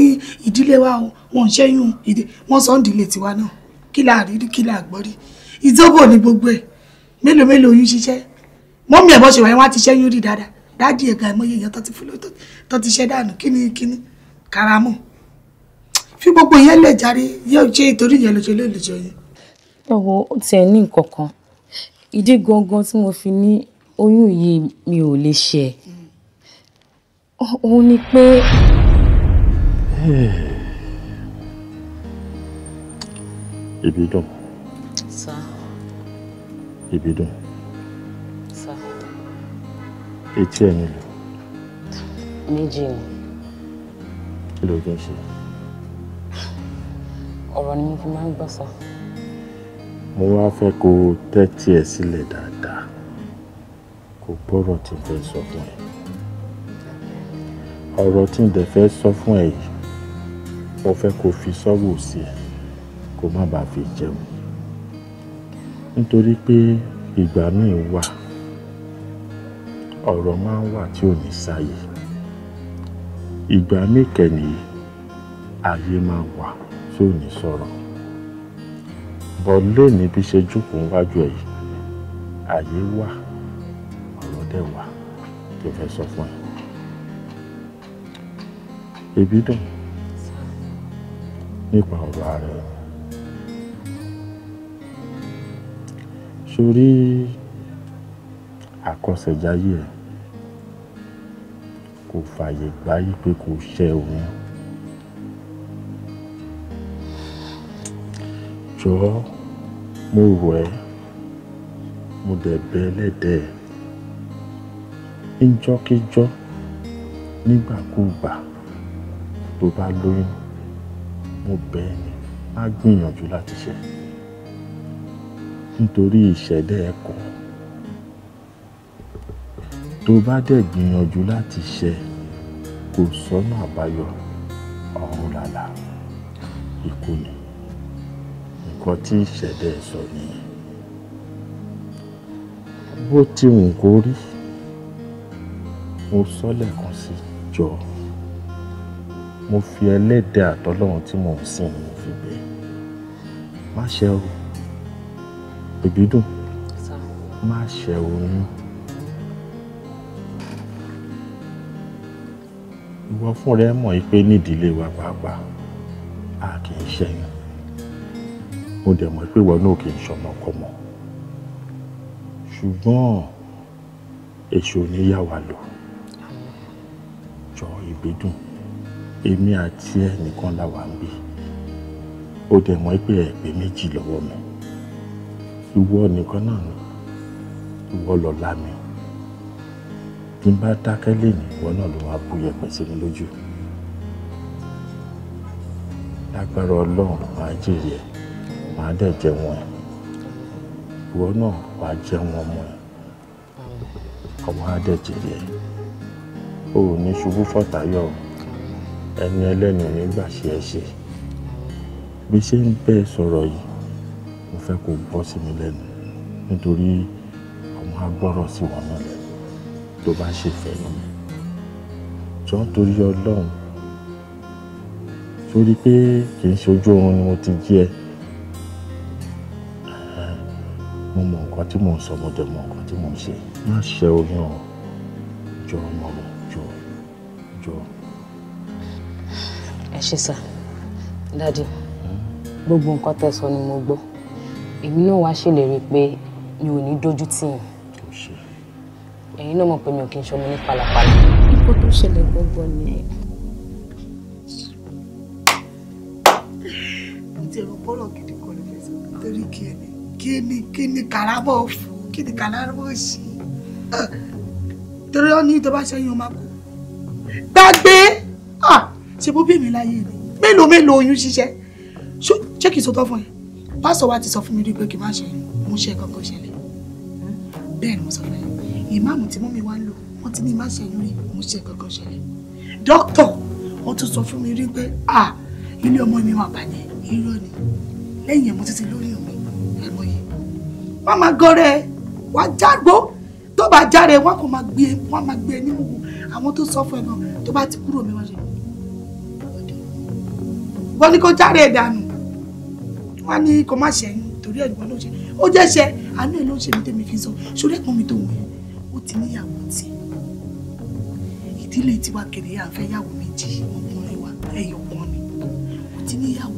ìdílé wa o wọn ò ṣẹ́yún ìdí wọ́n sọ ń dìlé tiwa náà kí là rí rí kí là gbọ́ rí ìjọ́bọ̀ ni gbogbo ẹ̀ mélòó mélòó oyún ṣiṣẹ́ mọ́mí ẹ̀bọ́ ṣe wáyé wọ́n á ti ṣẹ́yún rí dáadáa dáàdì ẹ̀gá ìmọ̀ye èèyàn tó ti fún lóòótọ́ tó ti ṣẹ́ dànù kíni kíni karamọ́ fi gbogbo ìyẹn lẹ̀ járe yóò ṣe ìtorí ìyẹn lóṣèlú lóòlùjọ yẹn. ọwọ́ ó tiẹ̀ ní nǹkan kan ìdí gangan tí mo fi ní oyún yìí mi ò lè ṣe òun ni pé. ibi dùn. sá. ibi dùn. sá. etí ẹ̀ nílò. méjì ni. kí ló dé ṣe. ọ̀rọ̀ ni mo fi máa ń gbọ́ sọ. mo wá fẹ́ kó tẹ́tí ẹ̀ sílẹ̀ dáadáa kó gbọ́rọ̀ tí fẹ́ sọ fún ẹ ọ̀rọ̀ tí n dẹ̀ fẹ́ sọ fún ẹ yìí mo fẹ́ kó fi sọ́wọ́ sí ẹ kó má bàa fi jẹun nítorí pé ìgbà míì wà ọ̀rọ̀ máa ń wà tí ò ní sáyé ìgbà míì kẹ̀ni ayé máa wà tí ò ní sọ̀rọ̀ bọ́ lónìí ṣe jókòó wájú ẹ yìí ayé wà ọ̀rọ̀ dẹ̀ wà tó fẹ́ sọ fún ẹ ebi dùn nípa ọ̀rọ̀ ara ẹ̀ sórí àkọsẹ̀jáyé ẹ̀ kò fààyè gbáyé pé kò ṣẹ́ òun jọ̀ọ́ mo rọ̀ ẹ́ mo dẹ̀ bẹ̀ ẹlẹ́dẹ̀ẹ́ níjọ́kíjọ́ nígbàkúùgbà tó bá lóyún mo bẹ̀ ẹ́ ni má gbìyànjú láti ṣẹ́ nítorí ìṣẹ̀dẹ̀ ẹ̀kọ́ tó bá dẹ̀ gbìyànjú láti ṣẹ́ kò sọ́nà àbáyọ ọ̀run làlà ikú ni nǹkan tí ìṣẹ̀dẹ̀ sọ nìyẹn bó ti wù kó rí mo sọ lẹ́ẹ̀kan sí jọ mo fi ẹlẹ́dẹ̀ àtọ́lọ́run tí mò ń sìn mo fi bẹ̀ má ṣe o bèbí dùn má ṣe oyún ìwọ fún rẹ mọ̀ yí pé nídìílé wa pàápàá a kì í ṣẹ́yìn mo dẹ̀ mọ̀ pé ìwọ náà kì í ṣọmọkọmọ ṣùgbọ́n èṣù ò yà wá lò jọ ìbídùn èmi àti ẹ nìkan la wà ń bí ó dẹ̀ wọ́n pé ẹ̀pẹ́ méjì lọ́wọ́ mi ìwọ nìkan náà ni ìwọ lọ́la mi tí n bá dákẹ́ lẹ́nu ìwọ náà ló máa bu yẹ̀pẹ̀ sí mi lójú lágbára ọlọ́run máa jèrè ẹ̀ màá dẹ̀ jẹun ẹ̀ ìwọ náà wàá jẹun ọmọ ẹ̀ ọmọ á dẹ̀ jèrè ẹ̀ o ò ní ṣubú fọ̀tàyọ̀ o ẹni ẹlẹ́ni ò ní gbà ṣe ẹ ṣe bí ṣe ń bẹ́ẹ̀ sọ̀rọ̀ yìí mo fẹ́ kó bọ́ sí mi lẹ́nu nítorí ọmọ agbọ́rọ̀ sí wọn náà lẹ́nu tó bá ṣe fẹ́ nù mí jọ nítorí ọlọ́run sórí pé kì í ṣe ojú oorun ni mo ti jí ẹ mo mọ nǹkan tí mò ń sọ mo dẹ̀ mọ nǹkan tí mò ń ṣe má ṣe oyún ọ jọ ọmọ mi jọ jọ ṣe sà dáàdi gbogbo nǹkan tẹ́ sọ ni mo gbọ́ èmi náà wá ṣèlérí pé mi ò ní dójú tì yín ẹ̀yin náà mọ̀ pé mi ò kí n ṣọmọ ní pàlàpàlà. ikú tó ṣẹlẹ̀ gbọ́ngbọ́n ni. ìtẹ̀rù bọ́rọ̀ gidi kan ló fẹ́ sọ torí kí ẹni kí ni kí ni kàràbọ̀ fún kí ni kàràbọ̀ sí torí ó ní tó bá ṣẹ́yìn ó máa se bó bèmí láyé ni mélòó mélòó oyún ṣiṣẹ́ ṣé kìí sọtọ́ fún yẹn pásọ̀ wa ti sọ fún mi rí pé kì í má ṣe mo ṣe kankan ṣẹlẹ̀ bẹ́ẹ̀ ni mo sọ fún yẹn ìmáàmù tí mọ́mi wá ń lò wọ́n ti ní má ṣe yún rí mo ṣe kankan ṣẹlẹ̀ dókítà wọ́n tún sọ fún mi rí pé à ilé ọmọ mi wà bàjẹ́ irọ́ ni lẹ́yìn ẹ̀ mo títí lórí mi ẹ̀mọ yìí wọ́n máa gọ́rẹ́ wá jágbó tó bá járe wọ́n kò máa gbé wọ́n máa gbé ní gbogbo àwọn tó sọ fún ẹ̀ náà tó bá ti kúrò mi wọ́n ṣe wọ́n ní kó járe ìdànù wọ́n ní kó má ṣẹ́yìn torí ẹ̀dùn ló ṣe ó jẹ́ ṣe àánú ẹ̀ ló ń ṣe mí tèmi fi sọ ṣorí ẹ̀pọ̀n mi tó wọ̀ ẹ́ ó ti níyàwó tí ìdílé tiwa kiri àfẹ́ yàwó méjì ọkùnrin wa ẹ̀yọ̀ kan ni ó ti níyàwó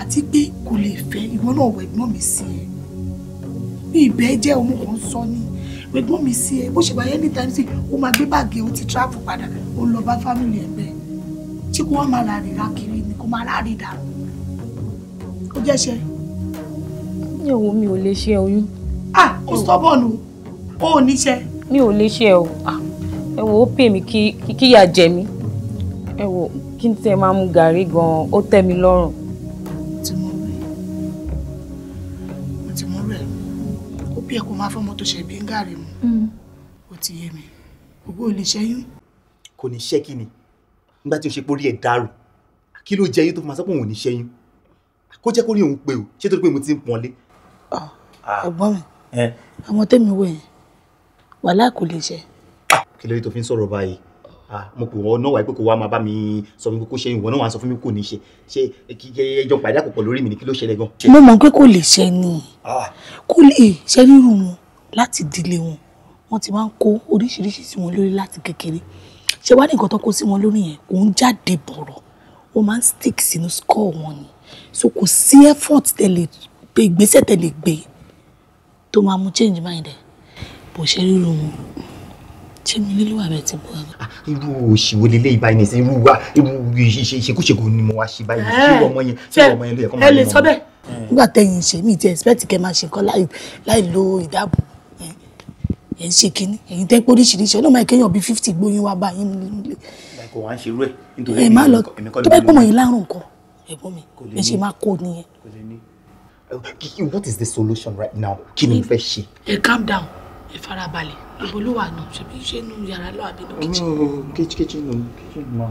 àti pé kò lè fẹ́ ìwọ náà wọ ẹ̀gbọ́n mi sí ẹ bí ìbẹ́ jẹ́ ọmọ kan sọ ni ẹ̀gbọ́n mi sí ẹ bó ṣe bá ní time sí ó máa gbé báàgì ó ti travel padà ó lọ bá family ẹ̀ bẹ́ẹ̀ tí kò máa rà rírà kiri ni kó máa ráàrí dànù ó jẹ́ ṣe. mi ò mi ò lè ṣe oyún. ah ó stubborn o ò ní ṣe. mi ò lè ṣe o ah, ẹ wò ó pè mí kí ìyà jẹ mí ẹ wò kí n tẹ máa mu gàrí gan-an ó tẹ́ mi lọ́rùn. bí ẹ kò máa fọmọ tó ṣe bí ń gàrí mu mm. ó ti yé mi ògbó ò lè ṣẹ́yún. kò ní ṣẹ́ kí ni nígbà tí o ṣe porí ẹ̀ dàrú kí ló jẹ yín tó fi máa sọ pé òun ò ní ṣẹ́yún kó jẹ́ kó rí òun pé o ṣé torí pé mo ti ń pọ́nlé. ọgbọ́n ah, ah. mi àwọn tẹ́mi wẹ̀ yẹn wàhálà kò lè ṣe. Ah, kí ló dé tó fi ń sọ̀rọ̀ báyìí mo pè wọ́n náà wáyé pé kò wá máa bá mi sọ fún mi kó ṣe ìwọ náà wàá sọ fún mi kò ní ṣe ṣe ẹjọ́ pàdé àkókò lórí mi ni kí ló ṣẹlẹ̀ gan. mo mọ̀ pé kò lè ṣe ni kò lè ṣe rírù wọn láti ìdílé wọn wọn ti máa ń kó oríṣiríṣi sí wọn lórí láti kékeré ṣe wá ní nǹkan tó kó sí wọn lórí yẹn òun jáde bọ̀rọ̀ wọ́n máa ń stick sínú score wọn ni so kò sí effort tẹ lè gbé ìgbésẹ̀ tẹ lè gbé tó máa mú change mind ẹ̀ bó ṣe ríro wọn ṣé mi nílò àbẹ̀ tí mo wà. irú òṣìwò lè léyìí báyìí nìsín irú wa irú ìṣekúṣekú ni mo wá ṣe báyìí ṣé ọmọ yẹn ṣé ọmọ yẹn ló yẹ kó máa lè sọ bẹ́ẹ̀. nígbà tẹ́yìn ṣe mí ti expect kẹ́ máa ṣe nǹkan láì lo ìdáàbò ẹ̀ ń ṣe kínní ẹ̀yin tẹ́ pé oríṣiríṣi ọlọ́mọ ẹ̀kẹ́yàn bíi fifty gbóyún wá báyìí nílé kò wá ń ṣerú ẹ̀ nítorí èmi kọ́ ló ń bọ̀. tó bẹ́ẹ̀ pọ̀ mọ̀ yín láàrùn nǹkan ẹ̀gbọ́n mi ẹ ṣe máa kó o nìyẹn. kiki what is the solution right now kí ni mo fẹ́ ṣe. ẹ calm down ẹ farabalẹ̀ ibo ló wà náà ṣe bí ṣe nu yàrá lọ àbí nu kíchìn. kíchìn kíchìn nù kíchìn nù.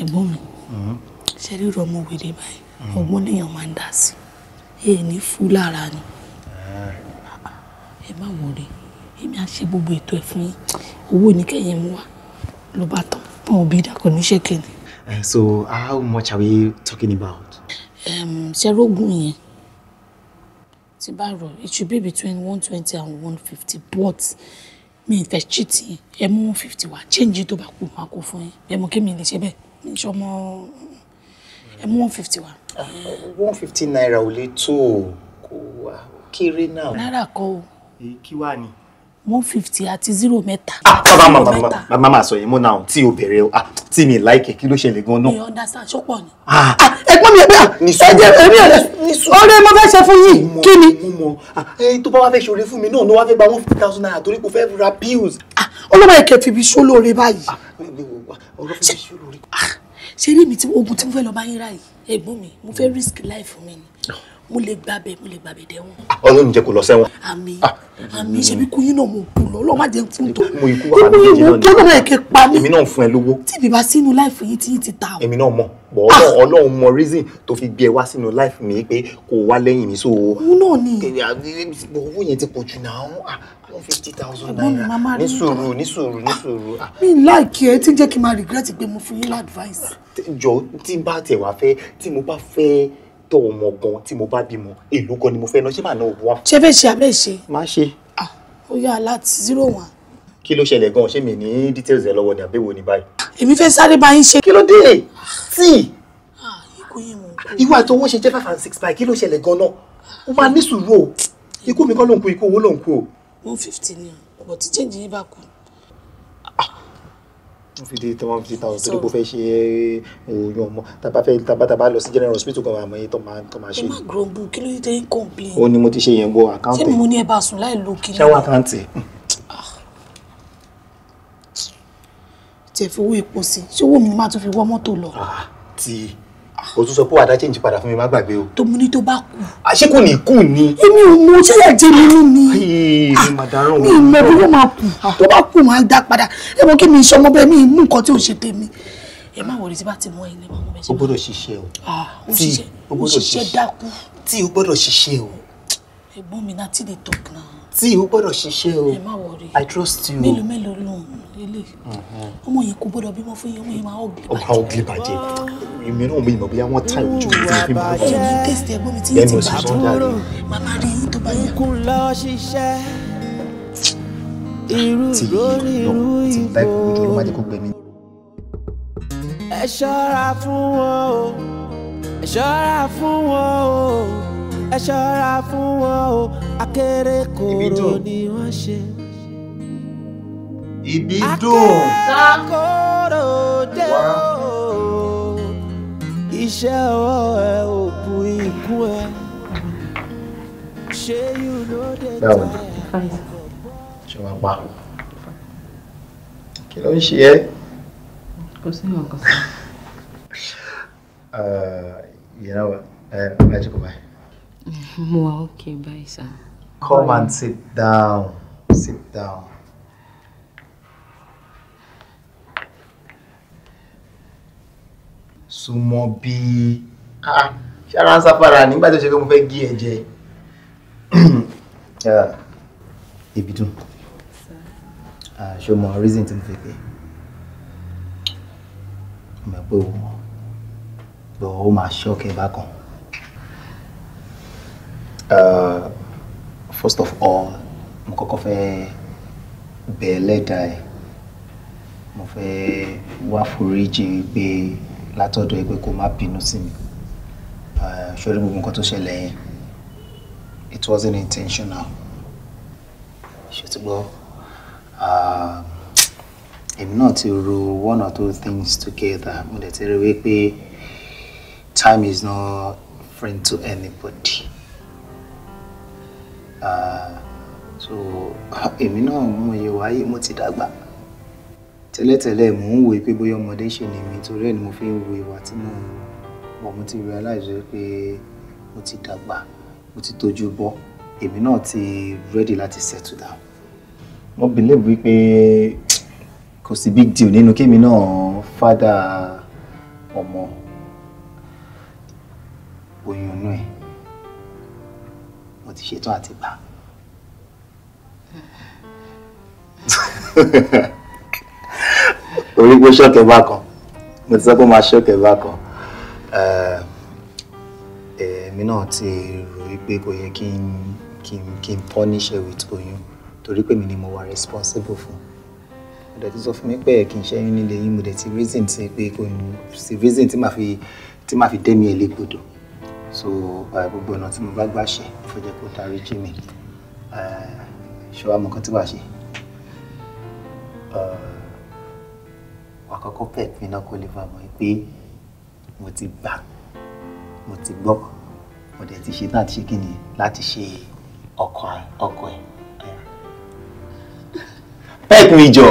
ẹ̀gbọ́n mi mm-hmm. ṣe rí ọmọ wèrè báyìí mm-hmm. ọgbọ́n lèèyàn máa ń dá sí ẹ ní fú lára ni ah. ẹ má wọlé èmi á ṣe gbogbo ètò ẹ fún yín owó ní kẹyìn mú wa ló bá tán fún òbí dà kò ní eh, so how much are we talking about. ṣẹ́rógùn yẹn tí bá rọ it should be between one twenty and one fifty but mi ìfẹ́ chiti ẹ mú one fifty wá change it to kú máa kó fún yín ẹ mú kí mi lè ṣe bẹ́ẹ̀ mi ṣọmọ ẹ mú one fifty wá. Ah, one fifty naira ò lè tó o kò wá kéré náà. náírà kọ́ o. Eh, ni one fifty àti zero mẹ́ta. Ah, bàbá màmá màmá màá sọ yẹn mú náà tí o bẹ̀rẹ̀ Ah, tí mi láìkẹ̀ kí ló ṣẹlẹ̀ gan náà. mi understand sọ́pọ̀ ni. Ah. Ah, ẹ̀gbọ́n mi ẹ̀gbẹ́ ẹ̀jẹ̀ èmi ọ̀rẹ́ ọ̀rẹ́ mo fẹ́ ṣe fún yìí kí ni. ẹyin eh, tó bá wá fẹ́ ṣòro fún mi náà ló wá fẹ́ gba one fifty thousand naira torí kò fẹ́ ra bills. ọlọ́mọ ẹ̀kẹ́ fi ibi ṣó lóore báyìí. ṣe rí mi ogun tí mo fẹ́ lọ bá yín ráyìí ẹ̀gbọ́n mi mo fẹ́ risk life mi ni oh mo lè gbàbẹ̀ mo lè gbàbẹ̀ dẹ́wọ̀n. ọlọ́run jẹ́ kó lọ sẹ́wọ̀n. àmì ah. àmì ṣebí kú yín náà mo bù lọ ọlọ́run má jẹ́ kí n tó. mo ikú wa ní ìjì náà ni mo náà kẹ́ pa mí. èmi náà fún ẹ lówó. tí ibi bá sínú láìfù yín tí yín ti ta o. èmi náà mọ̀ bọ̀ ah. ọlọ́run mọ reason tó fi gbé ẹ wá sínú láìfù mi pé kò wá lẹ́yìn mi so. òun náà ni. owó yẹn ti pọ̀ jù náà ah, one fifty thousand naira ní sùúrù ní sùúrù ní sùúrù. mi láìkí ẹ tí ń jẹ́ kí n máa regret pé mo fún yín lá advice. jọ tí bá tẹ̀ wá fẹ́ tí mo bá fẹ́ lọ́dọ̀ ọmọ gan tí mo bá bímọ èlò gan ni mo fẹ́ náà ṣé màá náà wọ́n. ṣé bẹ́ẹ̀ ṣe abẹ́ ṣe. má ṣe. ó yà láti zero one. kí ló ṣẹlẹ̀ gan ṣé mi ní details ẹ lọ́wọ́ ni àbẹ̀wò ni báyìí. èmi fẹ́ sáré bá yín ṣe. kí ló dé tí. ìwà àtọwọ́ ṣe jẹ́ five and six báyìí kí ló ṣẹlẹ̀ gan náà ó máa ní sùúrù o ikú mi kọ́ ló ń kú ikú owó ló ń kú o. one fifty ni o bọ̀ change yín bá kú two fifty three one fifty thousand torí bó fẹ́ ṣe oògùn eh, ọmọ tàbá fẹ́ tàbá tàbá lọ sí general hospital kan àmọ́ yẹn tó máa tó máa ṣe. ẹ má gbọ̀ngbù kí ló yẹ tẹ́ ń complain. ó ní mo ti ṣe yẹn wọ àkáǹtì. sẹ́mi mo ní ẹ bá sùn láì lo kiri. ṣẹ́wọ́ àkáǹtì. Ah. tiẹ̀ fi owó epo sí ṣé owó mi máa ti o tún sọ pé wàá change padà fún mi má gbàgbé o. tó mú ní tó bá kù. àṣé ah, kò ní kù ni. èmi ò mú ṣé ẹ̀jẹ̀ mi nù ni. Ah, mi ìmọ̀ bí wọ́n máa kù ah. tó bá kù máa dá padà ẹ mọ kí mi sọ ọmọ bẹ́ẹ̀ mi mú nǹkan tí ò ṣe tèmi. ẹ má wọlé tí bá ti mú ẹyin lẹ́mọ̀ ọmọ bẹ́ẹ̀. o gbọ́dọ̀ ṣiṣẹ́ o. tí o gbọ́dọ̀ ṣiṣẹ́ dákú. tí o gbọ́dọ̀ ṣiṣẹ́ o. ẹ̀gbọ́n mi náà ti dey talk now. tí o gbọ́dọ̀ ṣiṣẹ́ o. ẹ má wọlé. I trust you. mélòó mélòó ló ugly uh-huh. ọmọ yẹn kò gbọ́dọ̀ bímọ fún yẹn ọmọ yẹn máa ugly bàjẹ́. ọmọ ugly bàjẹ́ èmi náà mi ìmọ̀ bóyá wọ́n ta ìwòjú mi tí mi máa bàjẹ́. èmi tẹ̀sí ẹ̀gbọ́n mi tí yóò ti bàjẹ́ màmá rí yín tó bá yẹ. ikú lọ ṣiṣẹ́ irú lórí irú ìbò ẹ ṣọ́ra fún wọn o ẹ ṣọ́ra fún wọn o ẹ ṣọ́ra fún wọn o akérèkòrò ni wọ́n ṣe ibi dùn. akóró dé o iṣẹ́ ọwọ́ ẹ ò bu ikún ẹ ṣé yóò lóde tẹ̀. ṣé wàá pa kí ló ń ṣe ẹ́. kò sí nǹkan kan. Uh, you know what uh, magic bye. mo wa okay bye sir. come and sit down sit down. súnmọ́ bí ah, ah, ṣára ń sáfara nígbà tó ṣe pé mo fẹ́ gé ẹ jẹ. ibi ah, dùn ṣé o mọ reason tí mo fi pè é mo mọ̀ pé o mọ̀ gbọ́ ó máa ṣọ́ọ̀kẹ́ bákan. first of all mo kọ́kọ́ fẹ́ bẹ̀ẹ́ lẹ́dàá ẹ̀ mo fẹ́ wá foríjì pé látọ̀dọ̀ ẹ pé kó má bínú sí mi eh, sórí gbogbo nǹkan tó ṣẹlẹ̀ yẹn it wasn't intentional ṣètìgbọ́ ah, èmi náà ti ro one or two things together mo dẹ̀ ti rí wípé time is not friend to anybody uh, so èmi náà mo yẹ wáyé mo ti dàgbà tẹ́lẹ̀tẹ́lẹ̀ mò ń wòye pé bóyá ọmọdé ṣe ni mi torí ẹ̀ ni mo fi ń wo ìwà tí mò ń bọ̀ mo ti realize pé mo ti dàgbà mo ti tójú bọ́ èmi náà ti ready láti settle down mo believe wípé kò sí big deal nínú kémi náà fádà ọmọ oyún inú ẹ̀ mo ti ṣetán àti gbà. orí pé ṣọ́ọ̀kẹ́ bá kan mo ti sọ pé máa ṣọ́ọ̀kẹ́ bá kan eh, èmi náà ti rò ó pé kò yẹ kí n kí n kí n punish ẹ with oyún torí pé mi ni mo wà responsible fún mo dẹ̀ ti sọ fún mi pé kì í ṣẹ́yún nílé yín mo dẹ̀ ti reason ti pé kò ní ti reason tí màá fi tí màá fi dé mi elégbodò so eh, gbogbo ọ̀nà tí mo bá gbà ṣe fọjọ́ kó darí jí mi eh, ṣọwọ́ àmọ́ kan tí wàá ṣe. Uh, wà kọ́kọ́ pet mi náà kó lè fà mọ́ pé mo ti gbà mo ti gbọ́ mo dẹ̀ ti ṣe náà ti ṣe kí ni láti ṣe ọkọ ọkọ ẹ̀. pet mi jọ.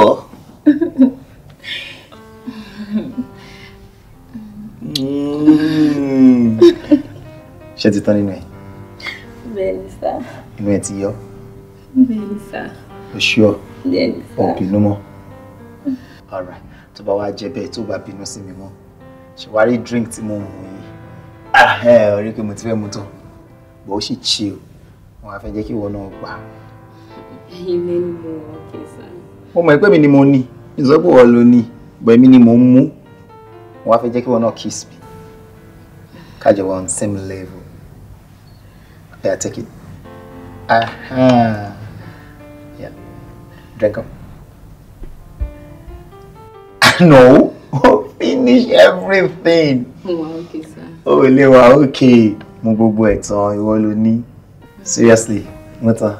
ṣé ti tán nínú ẹ. bẹ́ẹ̀ni sá. inú ẹ ti yọ. bẹ́ẹ̀ni sá. o ṣú ọ. bẹ́ẹ̀ni sá. o bínú mọ́. all right tó bá wá jẹ bẹ́ẹ̀ tó bá bínú sí mi mọ́ ṣèwárí drink tí mo mú yìí ẹ ọ̀rẹ́ pé mo ti fẹ́ mu tán bó ṣì chill wọn á fẹ́ jẹ́ kí ìwọ náà gbà. ẹyin lè ní mo wọ kẹsà. mo mọ̀ pé mi ni mo ní ìsọ́pọ̀ ọ̀ ló ní bọ̀ èmi ni mo ń mú wọn á fẹ́ jẹ́ kí kiss me kájọ wa on same level. Yeah, take it. Uh-huh. Yeah. Drink up. No. Finish everything. Wow, okay, sir. Oh, ilé wa okay. Mo gbogbo ẹ̀tàn ìwọ ló ní. Seriously, mọ́tà.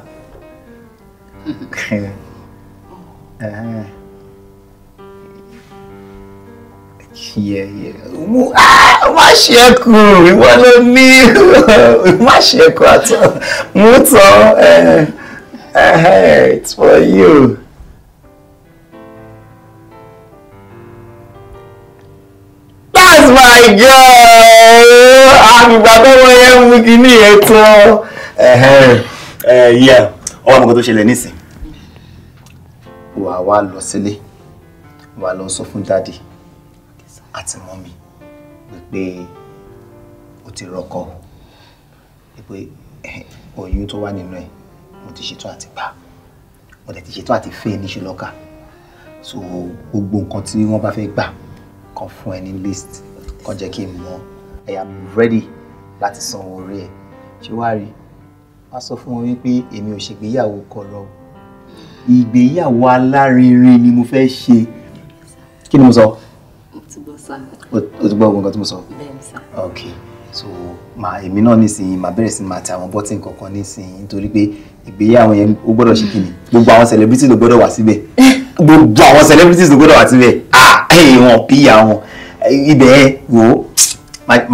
uh, yeah, yeah. Ah, má ṣe é kú, ìwọ ló ní. Má ṣe é kú àtọ̀. Mo eh, eh, It's for you. my girl, àgbà tó wọ́n yẹ mú kí ní ẹ̀tọ́ yẹ ọwọ́ àmọ́kọ́ tó ṣẹlẹ̀ nísìn wà wá lọ sílé wà lọ sọ fún dáàdì àti mọ́mí wípé o ti rọkọ wípé oyún tó wà nínú ẹ̀ mo ti ṣetán àti gbà mo dẹ̀ ti ṣetán àti fẹ́ ní ṣùlọ́kà so gbogbo nǹkan tí wọ́n bá fẹ́ gbà kan fún ẹ ní list kàn jẹ́ kí n mọ̀ I am ready láti san owó orí ẹ̀ ṣé wàá rí wá sọ fún wọn wípé èmi ò ṣègbéyàwó kọ̀rọ̀ ìgbéyàwó alárinrin ni mo fẹ́ ṣe kí ni mo sọ. o ti gbọ́ ogun nǹkan tí mo sọ. ok so màá èmi náà nísìnyí màá bẹ̀rẹ̀ sí máa tẹ àwọn bọ́tìn kankan nísìnyí nítorí pé ìgbéyàwó yẹn ó gbọ́dọ̀ ṣe kíni gbogbo àwọn celebrities ló gbọ́dọ̀ wà síbẹ̀ gbogbo àwọn celebrities ló gbọ́dọ̀ wà síbẹ̀ ah ẹ̀yìn wọn píyà wọn ibẹ̀ ẹ wò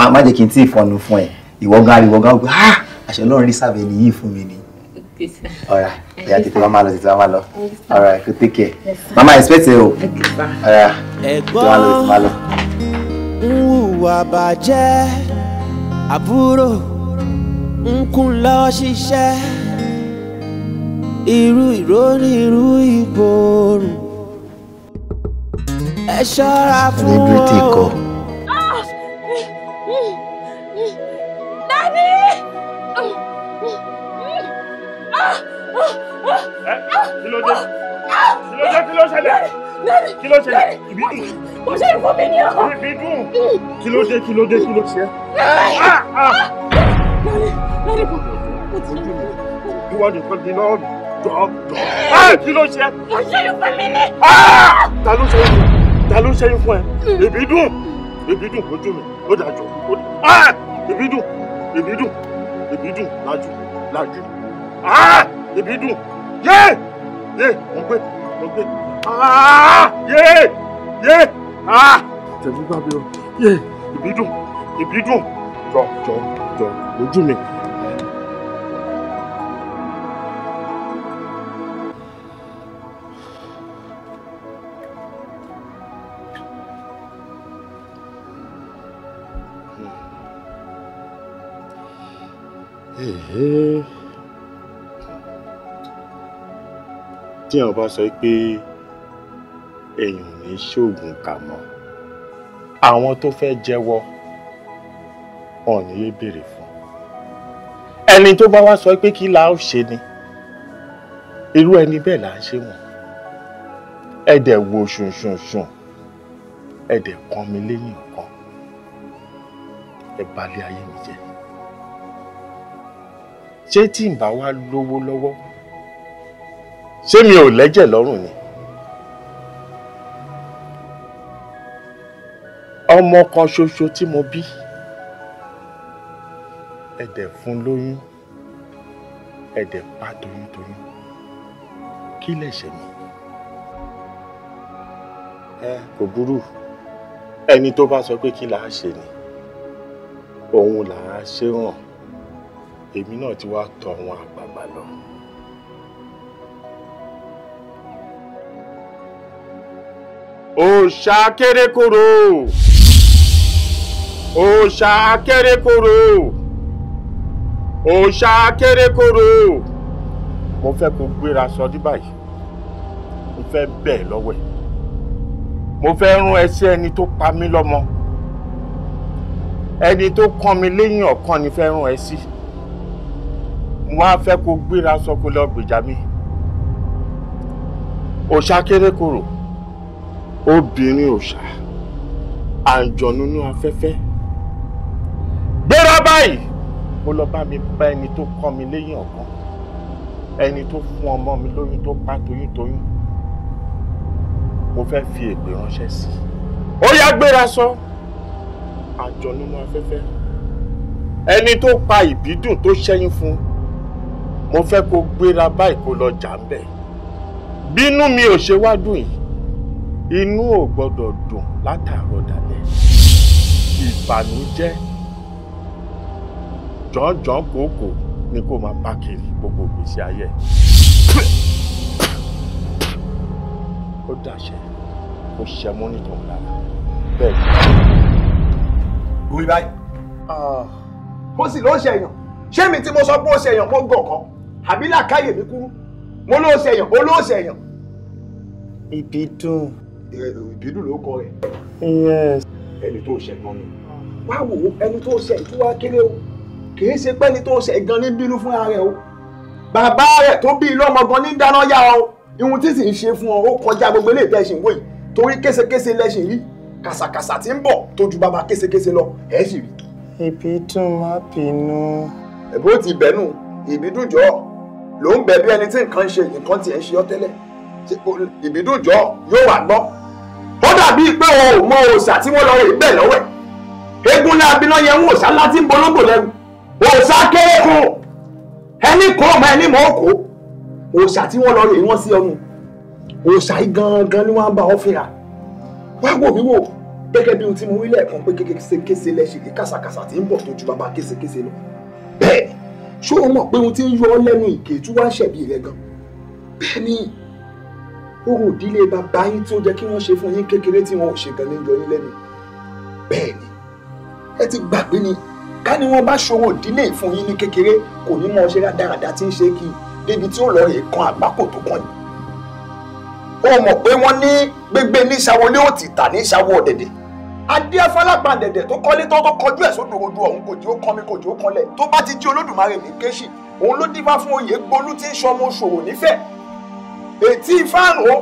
ó má jẹ́ kí n tí ì fọnu fún ẹ ìwọ gan ariwo gan gbé ah àṣẹ Ọlọ́run rí sábẹ́ ni yìí fún mi ni. ọ̀rá ìyá tètè máa lọ tètè máa lọ ọ̀rá kò take care mama expect ẹ o ọ̀rá tètè máa lọ tètè máa lọ. ń hùwà bàjẹ́ àbúrò ń kún lọ ṣiṣẹ́ irú ìrónirú ìbòrùn ẹ ṣọ́ra fún wọn. Dádì! kí ló dé kí ló ṣẹlẹ̀ kí ló ṣẹlẹ̀ ìbí dùn. kò ṣe ìfún mi ní ọ. ìbí dùn kí ló dé kí ló dé kí ló ṣe. lórí kò kò tí ì ìwọ nìkan ni lọ́ọ̀dù jọ̀ọ́ jọ̀ọ́. kí ló ṣe. kò ṣe ìfún mi ní. ta ló ṣe é ta ló ṣẹ́yìn fún ẹ èbí hmm. dùn èbí dùn lójú mi ó dájú ó ah! ah! dùn èbí dùn èbí dùn lájú lájú èbí ah! dùn yé yé mo gbé mo gbé yé yé tẹ̀lé gbàgbé o yé èbí dùn èbí dùn jọ jọ jọ lójú mi. tí àwọn bá sọ pé èèyàn ní ṣoògùn kà mọ́ àwọn tó fẹ́ jẹ́wọ́ ọ̀nì yé béèrè fún ẹni tó bá wá sọ pé kí la ó ṣe ni irú ẹni bẹ́ẹ̀ là ń ṣe wọ́n ẹ dẹ̀ wo ṣùnṣùnṣùn ẹ dẹ̀ kàn mí lẹ́yìn nǹkan ẹ balẹ̀ ayé mi jẹ́ ṣé tí n bá wá lówó lọ́wọ́ ṣé mi ò lẹ́jẹ̀ lọ́rùn ni. ọmọ kan ṣoṣo tí mo bí ẹ̀dẹ̀ fún lóyún ẹ̀dẹ̀ pa toyúntoyún kí lẹ̀ṣẹ̀ mi. ẹ kò burú ẹni tó bá sọ pé kí là ṣe ni òun là ṣe ràn èmi náà ti wá tọ̀ àwọn àgbààgbà lọ. òòṣà akérèkòrò òòṣà akérèkòrò òòṣà akérèkòrò mo fẹ́ kó gbéra sọdí báyìí mo fẹ́ bẹ̀ lọ́wọ́ ẹ̀ mo fẹ́ rún ẹsẹ̀ ẹni tó pa mí lọ́mọ ẹni tó kàn mí lẹ́yìn ọ̀kan ni fẹ́ rún ẹ sí. Si mo wá fẹ́ kó gbéra sọ kó lọ gbèjà mi òòṣà kérékòrò obìnrin òòṣà àjọ̀núnú afẹ́fẹ́ gbéra báyìí ó lọ bá mi bá ẹni tó kọ́ mi lẹ́yìn ọ̀kan ẹni tó fún ọmọ mi lóyún tó pa toyúntoyún mo fẹ́ fi èpè ránṣẹ́ sí i ó yá gbéra sọ àjọ̀núnú afẹ́fẹ́ ẹni tó pa ìbídùn tó ṣẹ́yìn fún un mo fẹ́ kó gbéra báyìí kó lọ jà ń bẹ̀ bínú mi ò ṣe wá dùn yìí inú ò gbọ́dọ̀ dùn látàárọ̀ dalẹ́ ìbànújẹ́ jọ̀ọ́jọ̀ọ́ kòókòó ni kó máa bá kiri gbogbo gbèsè ayé ó dàṣẹ kó ṣe mú nítorí lára bẹ́ẹ̀ ni. orí báyìí ah. mo sì ló ṣèyàn ṣé mi tí mo sọ pé ó ṣèyàn mo gàn kan àbí làkàyè mi kúrú mo ló ṣèyàn ó ló ṣèyàn. ìbídùn. ìbídùn ló kọ rẹ. ẹni tó ṣẹ gan ni wá wò ó ẹni tó ṣẹ ìtura kéré o kì í ṣe pẹ́ni tó ṣẹ gan ní bínú fúnra rẹ o bàbá rẹ tó bí lọ́mọ gan ní dáná yá o ihun tí sì ń ṣe fún ọ ó kọjá gbogbo ilé ìtẹ̀sìn wòye torí késekése lẹ́sìn rí kàsàkàsà tí ń bọ̀ tó ju bàbá késekése lọ ẹ̀ sì rí. ìbídùn má bínú. ẹ̀bùn ti bẹ̀nu ìbídùn jọ̀ọ́ ló ń bẹ̀bí ẹni tí nǹkan ń ṣe nǹkan tiẹ̀ ń ṣe ọ́ tẹ́lẹ̀ ìbídùnjọ́ yóò wà gbọ́ ó dàbí pé o ò mọ òòṣà tí wọ́n lọ rè bẹ́ẹ̀ lọ́wọ́ ẹ̀ eégún ní abiná yẹn ń òòṣà ńlá tí ń bológbò lẹ́rù òòṣà kéré kan ẹni kó ọmọ ẹni mọ́ kó òòṣà tí wọ́n lọ rè wọ́n sí ọ̀run òòṣà yìí gangan ni wọ́n bá ọ fìrà wá wò mí wò gẹ́gẹ́ bí ohun tí mo wí lẹ́ẹ̀kan pé késekése lẹ́sìn kí kàṣàkàṣà ti ń bọ̀ tó ju bàbá késekése lọ bẹ́ẹ̀ ṣó o mọ̀ pé ohun tí ń yọ ọ́ lẹ́nu ìgè tí wọ́n á ṣẹ̀bi rẹ̀ gan bẹ́ẹ̀ ni orò ìdílé bàbá yín tí ó jẹ́ kí wọ́n ṣe fún yín kékeré tí wọn ò ṣe gan ní yọ yín lẹ́nu bẹ́ẹ̀ ni ẹ ti gbàgbé ni ká ní wọ́n bá ṣòro ìdílé fún yín ní kékeré kò ní mọ ṣe dáradára tí ń ṣe kí débi tí ó lọ rè kan àgbákò tó kàn yín o mọ̀ pé wọ́n ní gbégbé ní ṣàwọlé òtítà ní ṣàwọ ọ̀dẹ̀dẹ̀ adé afọlágbà dẹ̀dẹ̀ tó kọ́lé tó tó kọjú ẹ̀ sódò odò ọ̀hún kò jí ó kan mi kò jí ó kanlẹ̀ tó bá ti jí olódùmarè ní kéṣì òun ló dífá fún oyè gbolú tí ń sọmọ ṣòwò nífẹ̀ẹ́ ètí ifá rò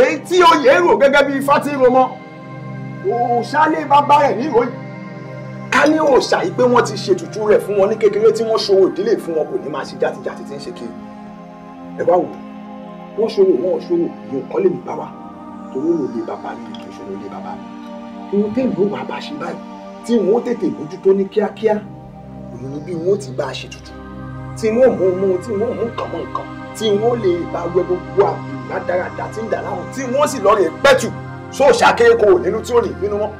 èyí tí oyè rò gẹ́gẹ́ bí ifá ti rò mọ́ òòṣàlẹ̀ bàbá rẹ̀ nírò yìí ká ní òòṣà yìí pé wọ́n ti ṣètùtù rẹ̀ fún wọn ní kékeré tí wọ́n ṣòwò ìdílé fún wọn kò ní máa ṣe jàtijàti tí ń ṣe kiri ẹ wá wò wọ́n ṣòwò wọn ò ṣòwò ìyẹn kọ́lé mi bá wa torí ó lò lé bàbá mi kì í ṣòwò lé bàbá mi ohun tèmi ó wà bá ṣe báyìí tí wọn ó tètè bójútó ní kíákíá òun ni bí wọn ó ti bá a ṣe tutù tí wọn ò mú mú tí wọn ò mú nǹkan mọ nǹkan tí wọn ó lè bá wẹ gbogbo àbùdá dáradá tí ń dà láwọn tí wọn ó sì lọ rè pẹ́tù sóòṣà kéèkó nínú tí ó rìn nínú wọn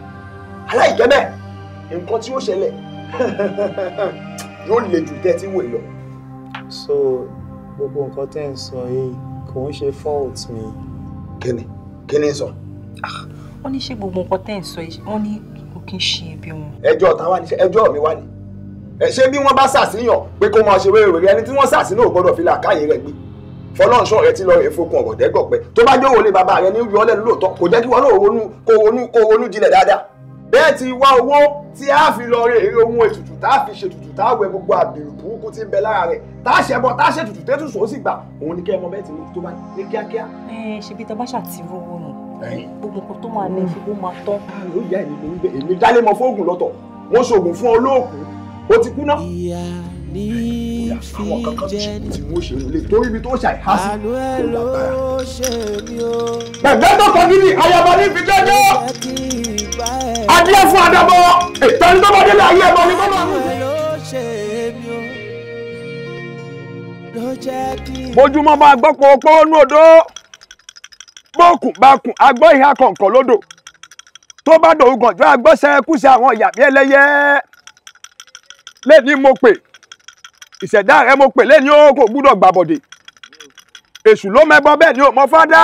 aláìjẹ́ bẹ́ẹ̀ nǹkan tí ó ṣẹlẹ̀ yóò le jù tẹ́ wò lọ. so gbogbo nǹkan tẹ́ ń sọ yìí kò ń ṣe fault mi. kí ni kí ni sọ. Ah, wọ́n ní ṣé gbogbo nǹkan tẹ́ ẹ̀ ń sọ yìí wọ́n ní kò kí ń ṣe ẹbí wọn. ẹjọ́ táwa ni ẹjọ́ mi wá ni ṣé bí wọ́n bá ṣàṣìyàn pé kó máa ṣe wéré wèrè ẹni tí wọ́n ṣàṣìyàn ò gbọ́dọ̀ fi làákàyè rẹ̀ gbé fọlọ́nṣọ́ rẹ ti lọ rè fokun ọ̀rọ̀ dẹ́gọ̀pẹ́ tó bá jẹ́ òwòlé bàbá rẹ ní yọ lóòótọ́ kò jẹ́ kí wọn náà ronú kó ronú jinlẹ̀ dáadáa bẹ́ẹ̀ ti wá owó tí a fi lọ rè eré ohun ètùtù tá a fi ṣètùtù tá a wẹ gbogbo àbẹ̀rù burúkú tí ń bẹ lára rẹ̀ tá a ṣẹbọ tá a ṣètùtù tẹ́tùsùn ó sì gbà òun ni kẹ́ ẹ mọ bẹ́ẹ̀ tí mo tó bá ní kíákíá. ẹ ṣe bí tabasha ti rówó nù gbogbo nǹkan tó máa lẹ ṣe ló máa tán. Ah, ó yá èmi ló ń bẹ èmi dálé mọ fóògùn lọ́tọ̀ mo ṣoògùn fún olóògùn ó ti kú náà. ìyá ní àwọn kankan tí mo ṣe nílé torí ibi tó ṣàìhá sí kó lágbára. bẹ̀gbẹ́ tó kọ níbi ayaba ní fi jẹ́jọ́ adíẹ fún adabọ ètò ẹni tó bá ayé ẹbọ ni kó máa mú. bójúmọ́ máa gbọ́ pọ̀ pọ́ nú odó bókùn bá kùn agbọ́ ìhà kọ̀ọ̀kan lódò tó bá dòwúgàn tó agbọ́ sẹ́kùsẹ́ àwọn ìyàbí ẹlẹ́yẹ lẹ́ni mo pè ìṣẹ̀dá rẹ mo pè lẹ́ni ó kò gbúdọ̀ gbàbọ̀dè èṣù ló mẹ́bọ bẹ́ẹ̀ ni ò mọ fádá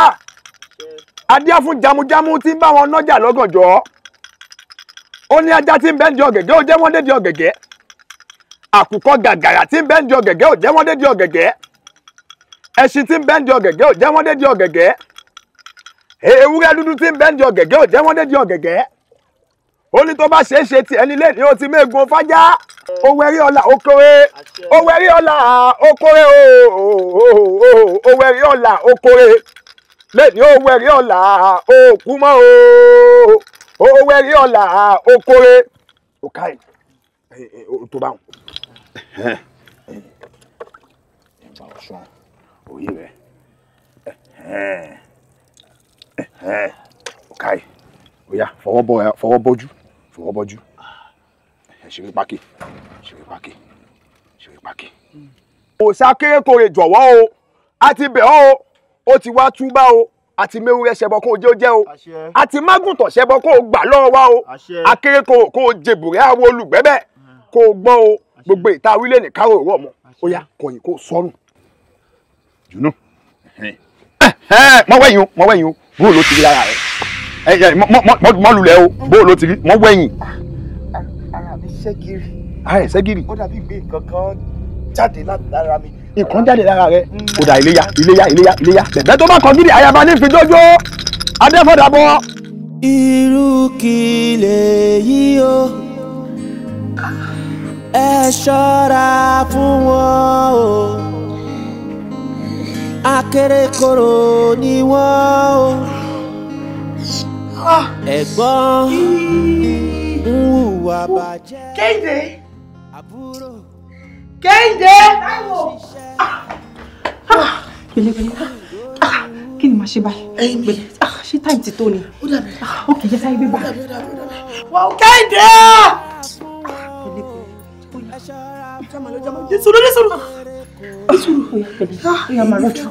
adíá fún jamujamu tí ń bá wọn nọ́jà lọ́gànjọ́ ó ní ajá tí ń bẹ́ẹ̀ di ọ̀gẹ̀gẹ́ ó jẹ́ wọ́n dé di ọ̀gẹ̀gẹ́ àkùkọ gàgàrà tí ń bẹ́ẹ̀ di ọ̀gẹ̀gẹ́ ó jẹ́ wọ́n dé ọ̀gẹ̀gẹ́ ẹṣin tí ń bẹ́ẹ̀ di ọ̀gẹ̀gẹ́ ó jẹ́ wọ́n dé ọ̀gẹ̀gẹ́ ewúrẹ́ dúdú tí ń bẹ́ ń di ọ̀gẹ̀gẹ́ ò jẹ́ dé di ọ̀gẹ̀gẹ́ ó ní tó bá ṣe é ṣe ti ẹni lé ní o ti mégun fájá owó ẹrí ọ̀la okòwe owó ẹrí ọ̀la okòwe owó ẹrí ọ̀la okòwe lé ní owó ẹrí ọ̀la òkú mọ́ owó ẹrí ọ̀la okòwe òkà ẹ̀ tó bá wọn. ìgbà ọ̀sán òye rẹ̀ ọ̀ka yìí ọ̀ya fọwọ́ bọ́jú fọwọ́ bọ́jú ẹ ṣeré pákí ṣeré pákí ṣeré pákí. òòṣà kérékòrè jọ̀wọ́ o a ti bẹ̀ ọ́ o ó ti wá túbá o àti mewúrẹ́ ṣẹbọ kó o jẹ́ o jẹ́ o àti mágùntàn ṣẹbọ kó o gbà lọ́wọ́ wa o akérèkòrò kó o jèbùrẹ́ àwọn olùgbẹ́bẹ̀ kó o gbọ́ o gbogbo ìta wílé ní káró òwò ọmọ ó yá kọyìn kó o sọrùn. jùnú mọ wẹ̀yìn o mọ wẹ̀yìn o bó ló ti rí lára rẹ ẹ mọ lulẹ̀ o bó ló ti rí mọ wẹ̀yìn. ara mi ṣẹ́gìrì. ara rẹ ṣẹ́gìrì. ó dàbí gbé nǹkan kan jáde lára mi nǹkan jáde lára rẹ mm. kò dà iléyà iléyà iléyà iléyà bẹ̀bẹ̀ tó bá kọ gidi àyàbá ní fìdójó adéfọ́dàbọ̀. irú kí lèyí o ẹ ṣọ́ra fún wọn o akérèkọ́rọ́ ni wọ́n o ah. ẹ̀gbọ́n ń hùwà bàjẹ́. kéde kéde. Ah. Ah. pẹ̀lẹ́pẹ̀lẹ́ kí ni màá ṣe báyìí. ẹyin mi ṣé táì ti tó ni. ó dàbí. ó kì í jẹ́ táyé gbé bá. wọ́n kéde. pẹ̀lẹ́pẹ̀lẹ́ ó yà. ẹ ṣọ́ra jọmọ ló jọmọ jésù ló ní sọ̀rọ̀ sùúrù ó yá pẹ̀lẹ́ ó yá máa rọjò.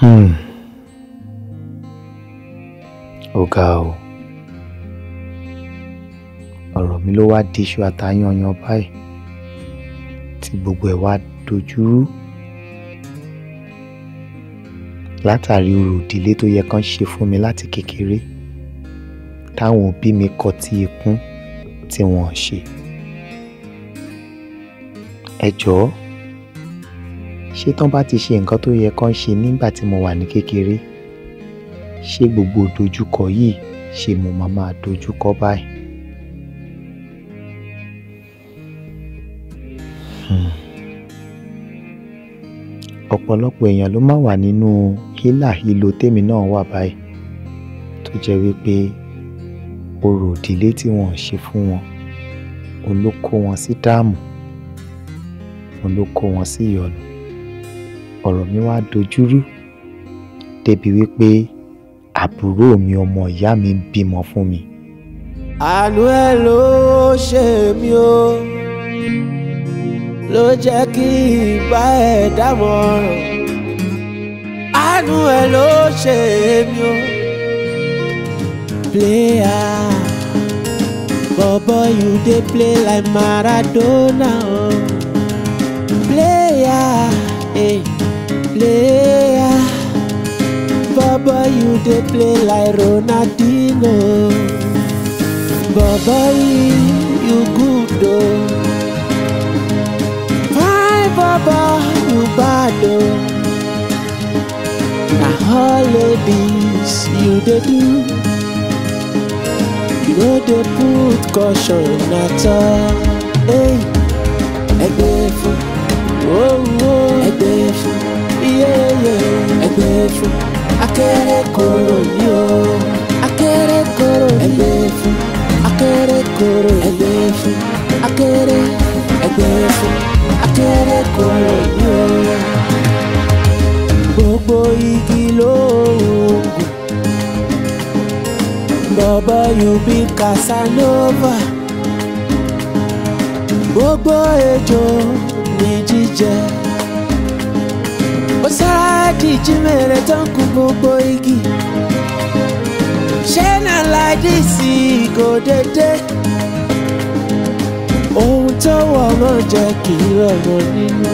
Hmm ó ga o ọ̀rọ̀ mi ló wá diṣu àtayànyàn báyìí tí gbogbo ẹ̀ wá dojú rú látàrí orò ìdílé tó yẹ kán ṣe fún mi láti kékeré táwọn òbí mi kọtí ikún tí wọ́n ṣe ẹ jọ̀ọ́ ṣé tán bá ti ṣe nǹkan tó yẹ kán ṣe nígbà tí mo wà ní kékeré ṣé gbogbo ìdojúkọ yìí ṣé mo máa máa dojúkọ báyìí. Hmm. ọ̀pọ̀lọpọ̀ èèyàn ló máa wà nínú hílàhílo tèmi náà wà báyìí tó jẹ́ wípé orò ìdílé tí wọ́n ń ṣe fún wọn òun ló kó wọn sí dáàmú òun wọn sí ìyọnu ọ̀rọ̀ mi wá dojúrú débi wípé àbúrò mi ọmọ ìyá mi bímọ fún mi. àánú ẹ ló ṣe mí o ló jẹ́ kí ìbá ẹ dámọ̀ràn àánú ẹ ló ṣe mí o player bobo you dey play like Maradona o oh. eh, player. Baba, you dey play like Ronaldinho. Baba, you good oh. Fine Baba, you bad oh. Na holidays you dey do. You no dey put caution at all. Hey, ẹgbẹ́ fún, oh, oh. ẹgbẹ́ fún, yeah, yeah. ẹgbẹ́ fún. Akérèkọ́rọ́ ni o Akérèkọ́rọ́ ẹgbẹ́ fún Akérèkọ́rọ́ ẹgbẹ́ fún akéré ẹgbẹ́ fún Akérèkọ́rọ́ ni Gbogbo igi lóògùn bàbá you be Casanova gbogbo ejò ní jíjẹ. Sáàdì Jímèrè tó ń kun gbogbo igi ṣé náà láìdí sí ìgò dédé ohun tó wọ̀ mọ́ jẹ́ kí rọ̀mọ́ nínú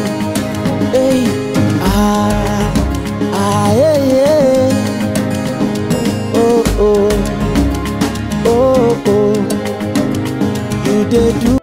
ẹ̀yìn àyẹ̀yẹ̀ ó ó ó ó you do.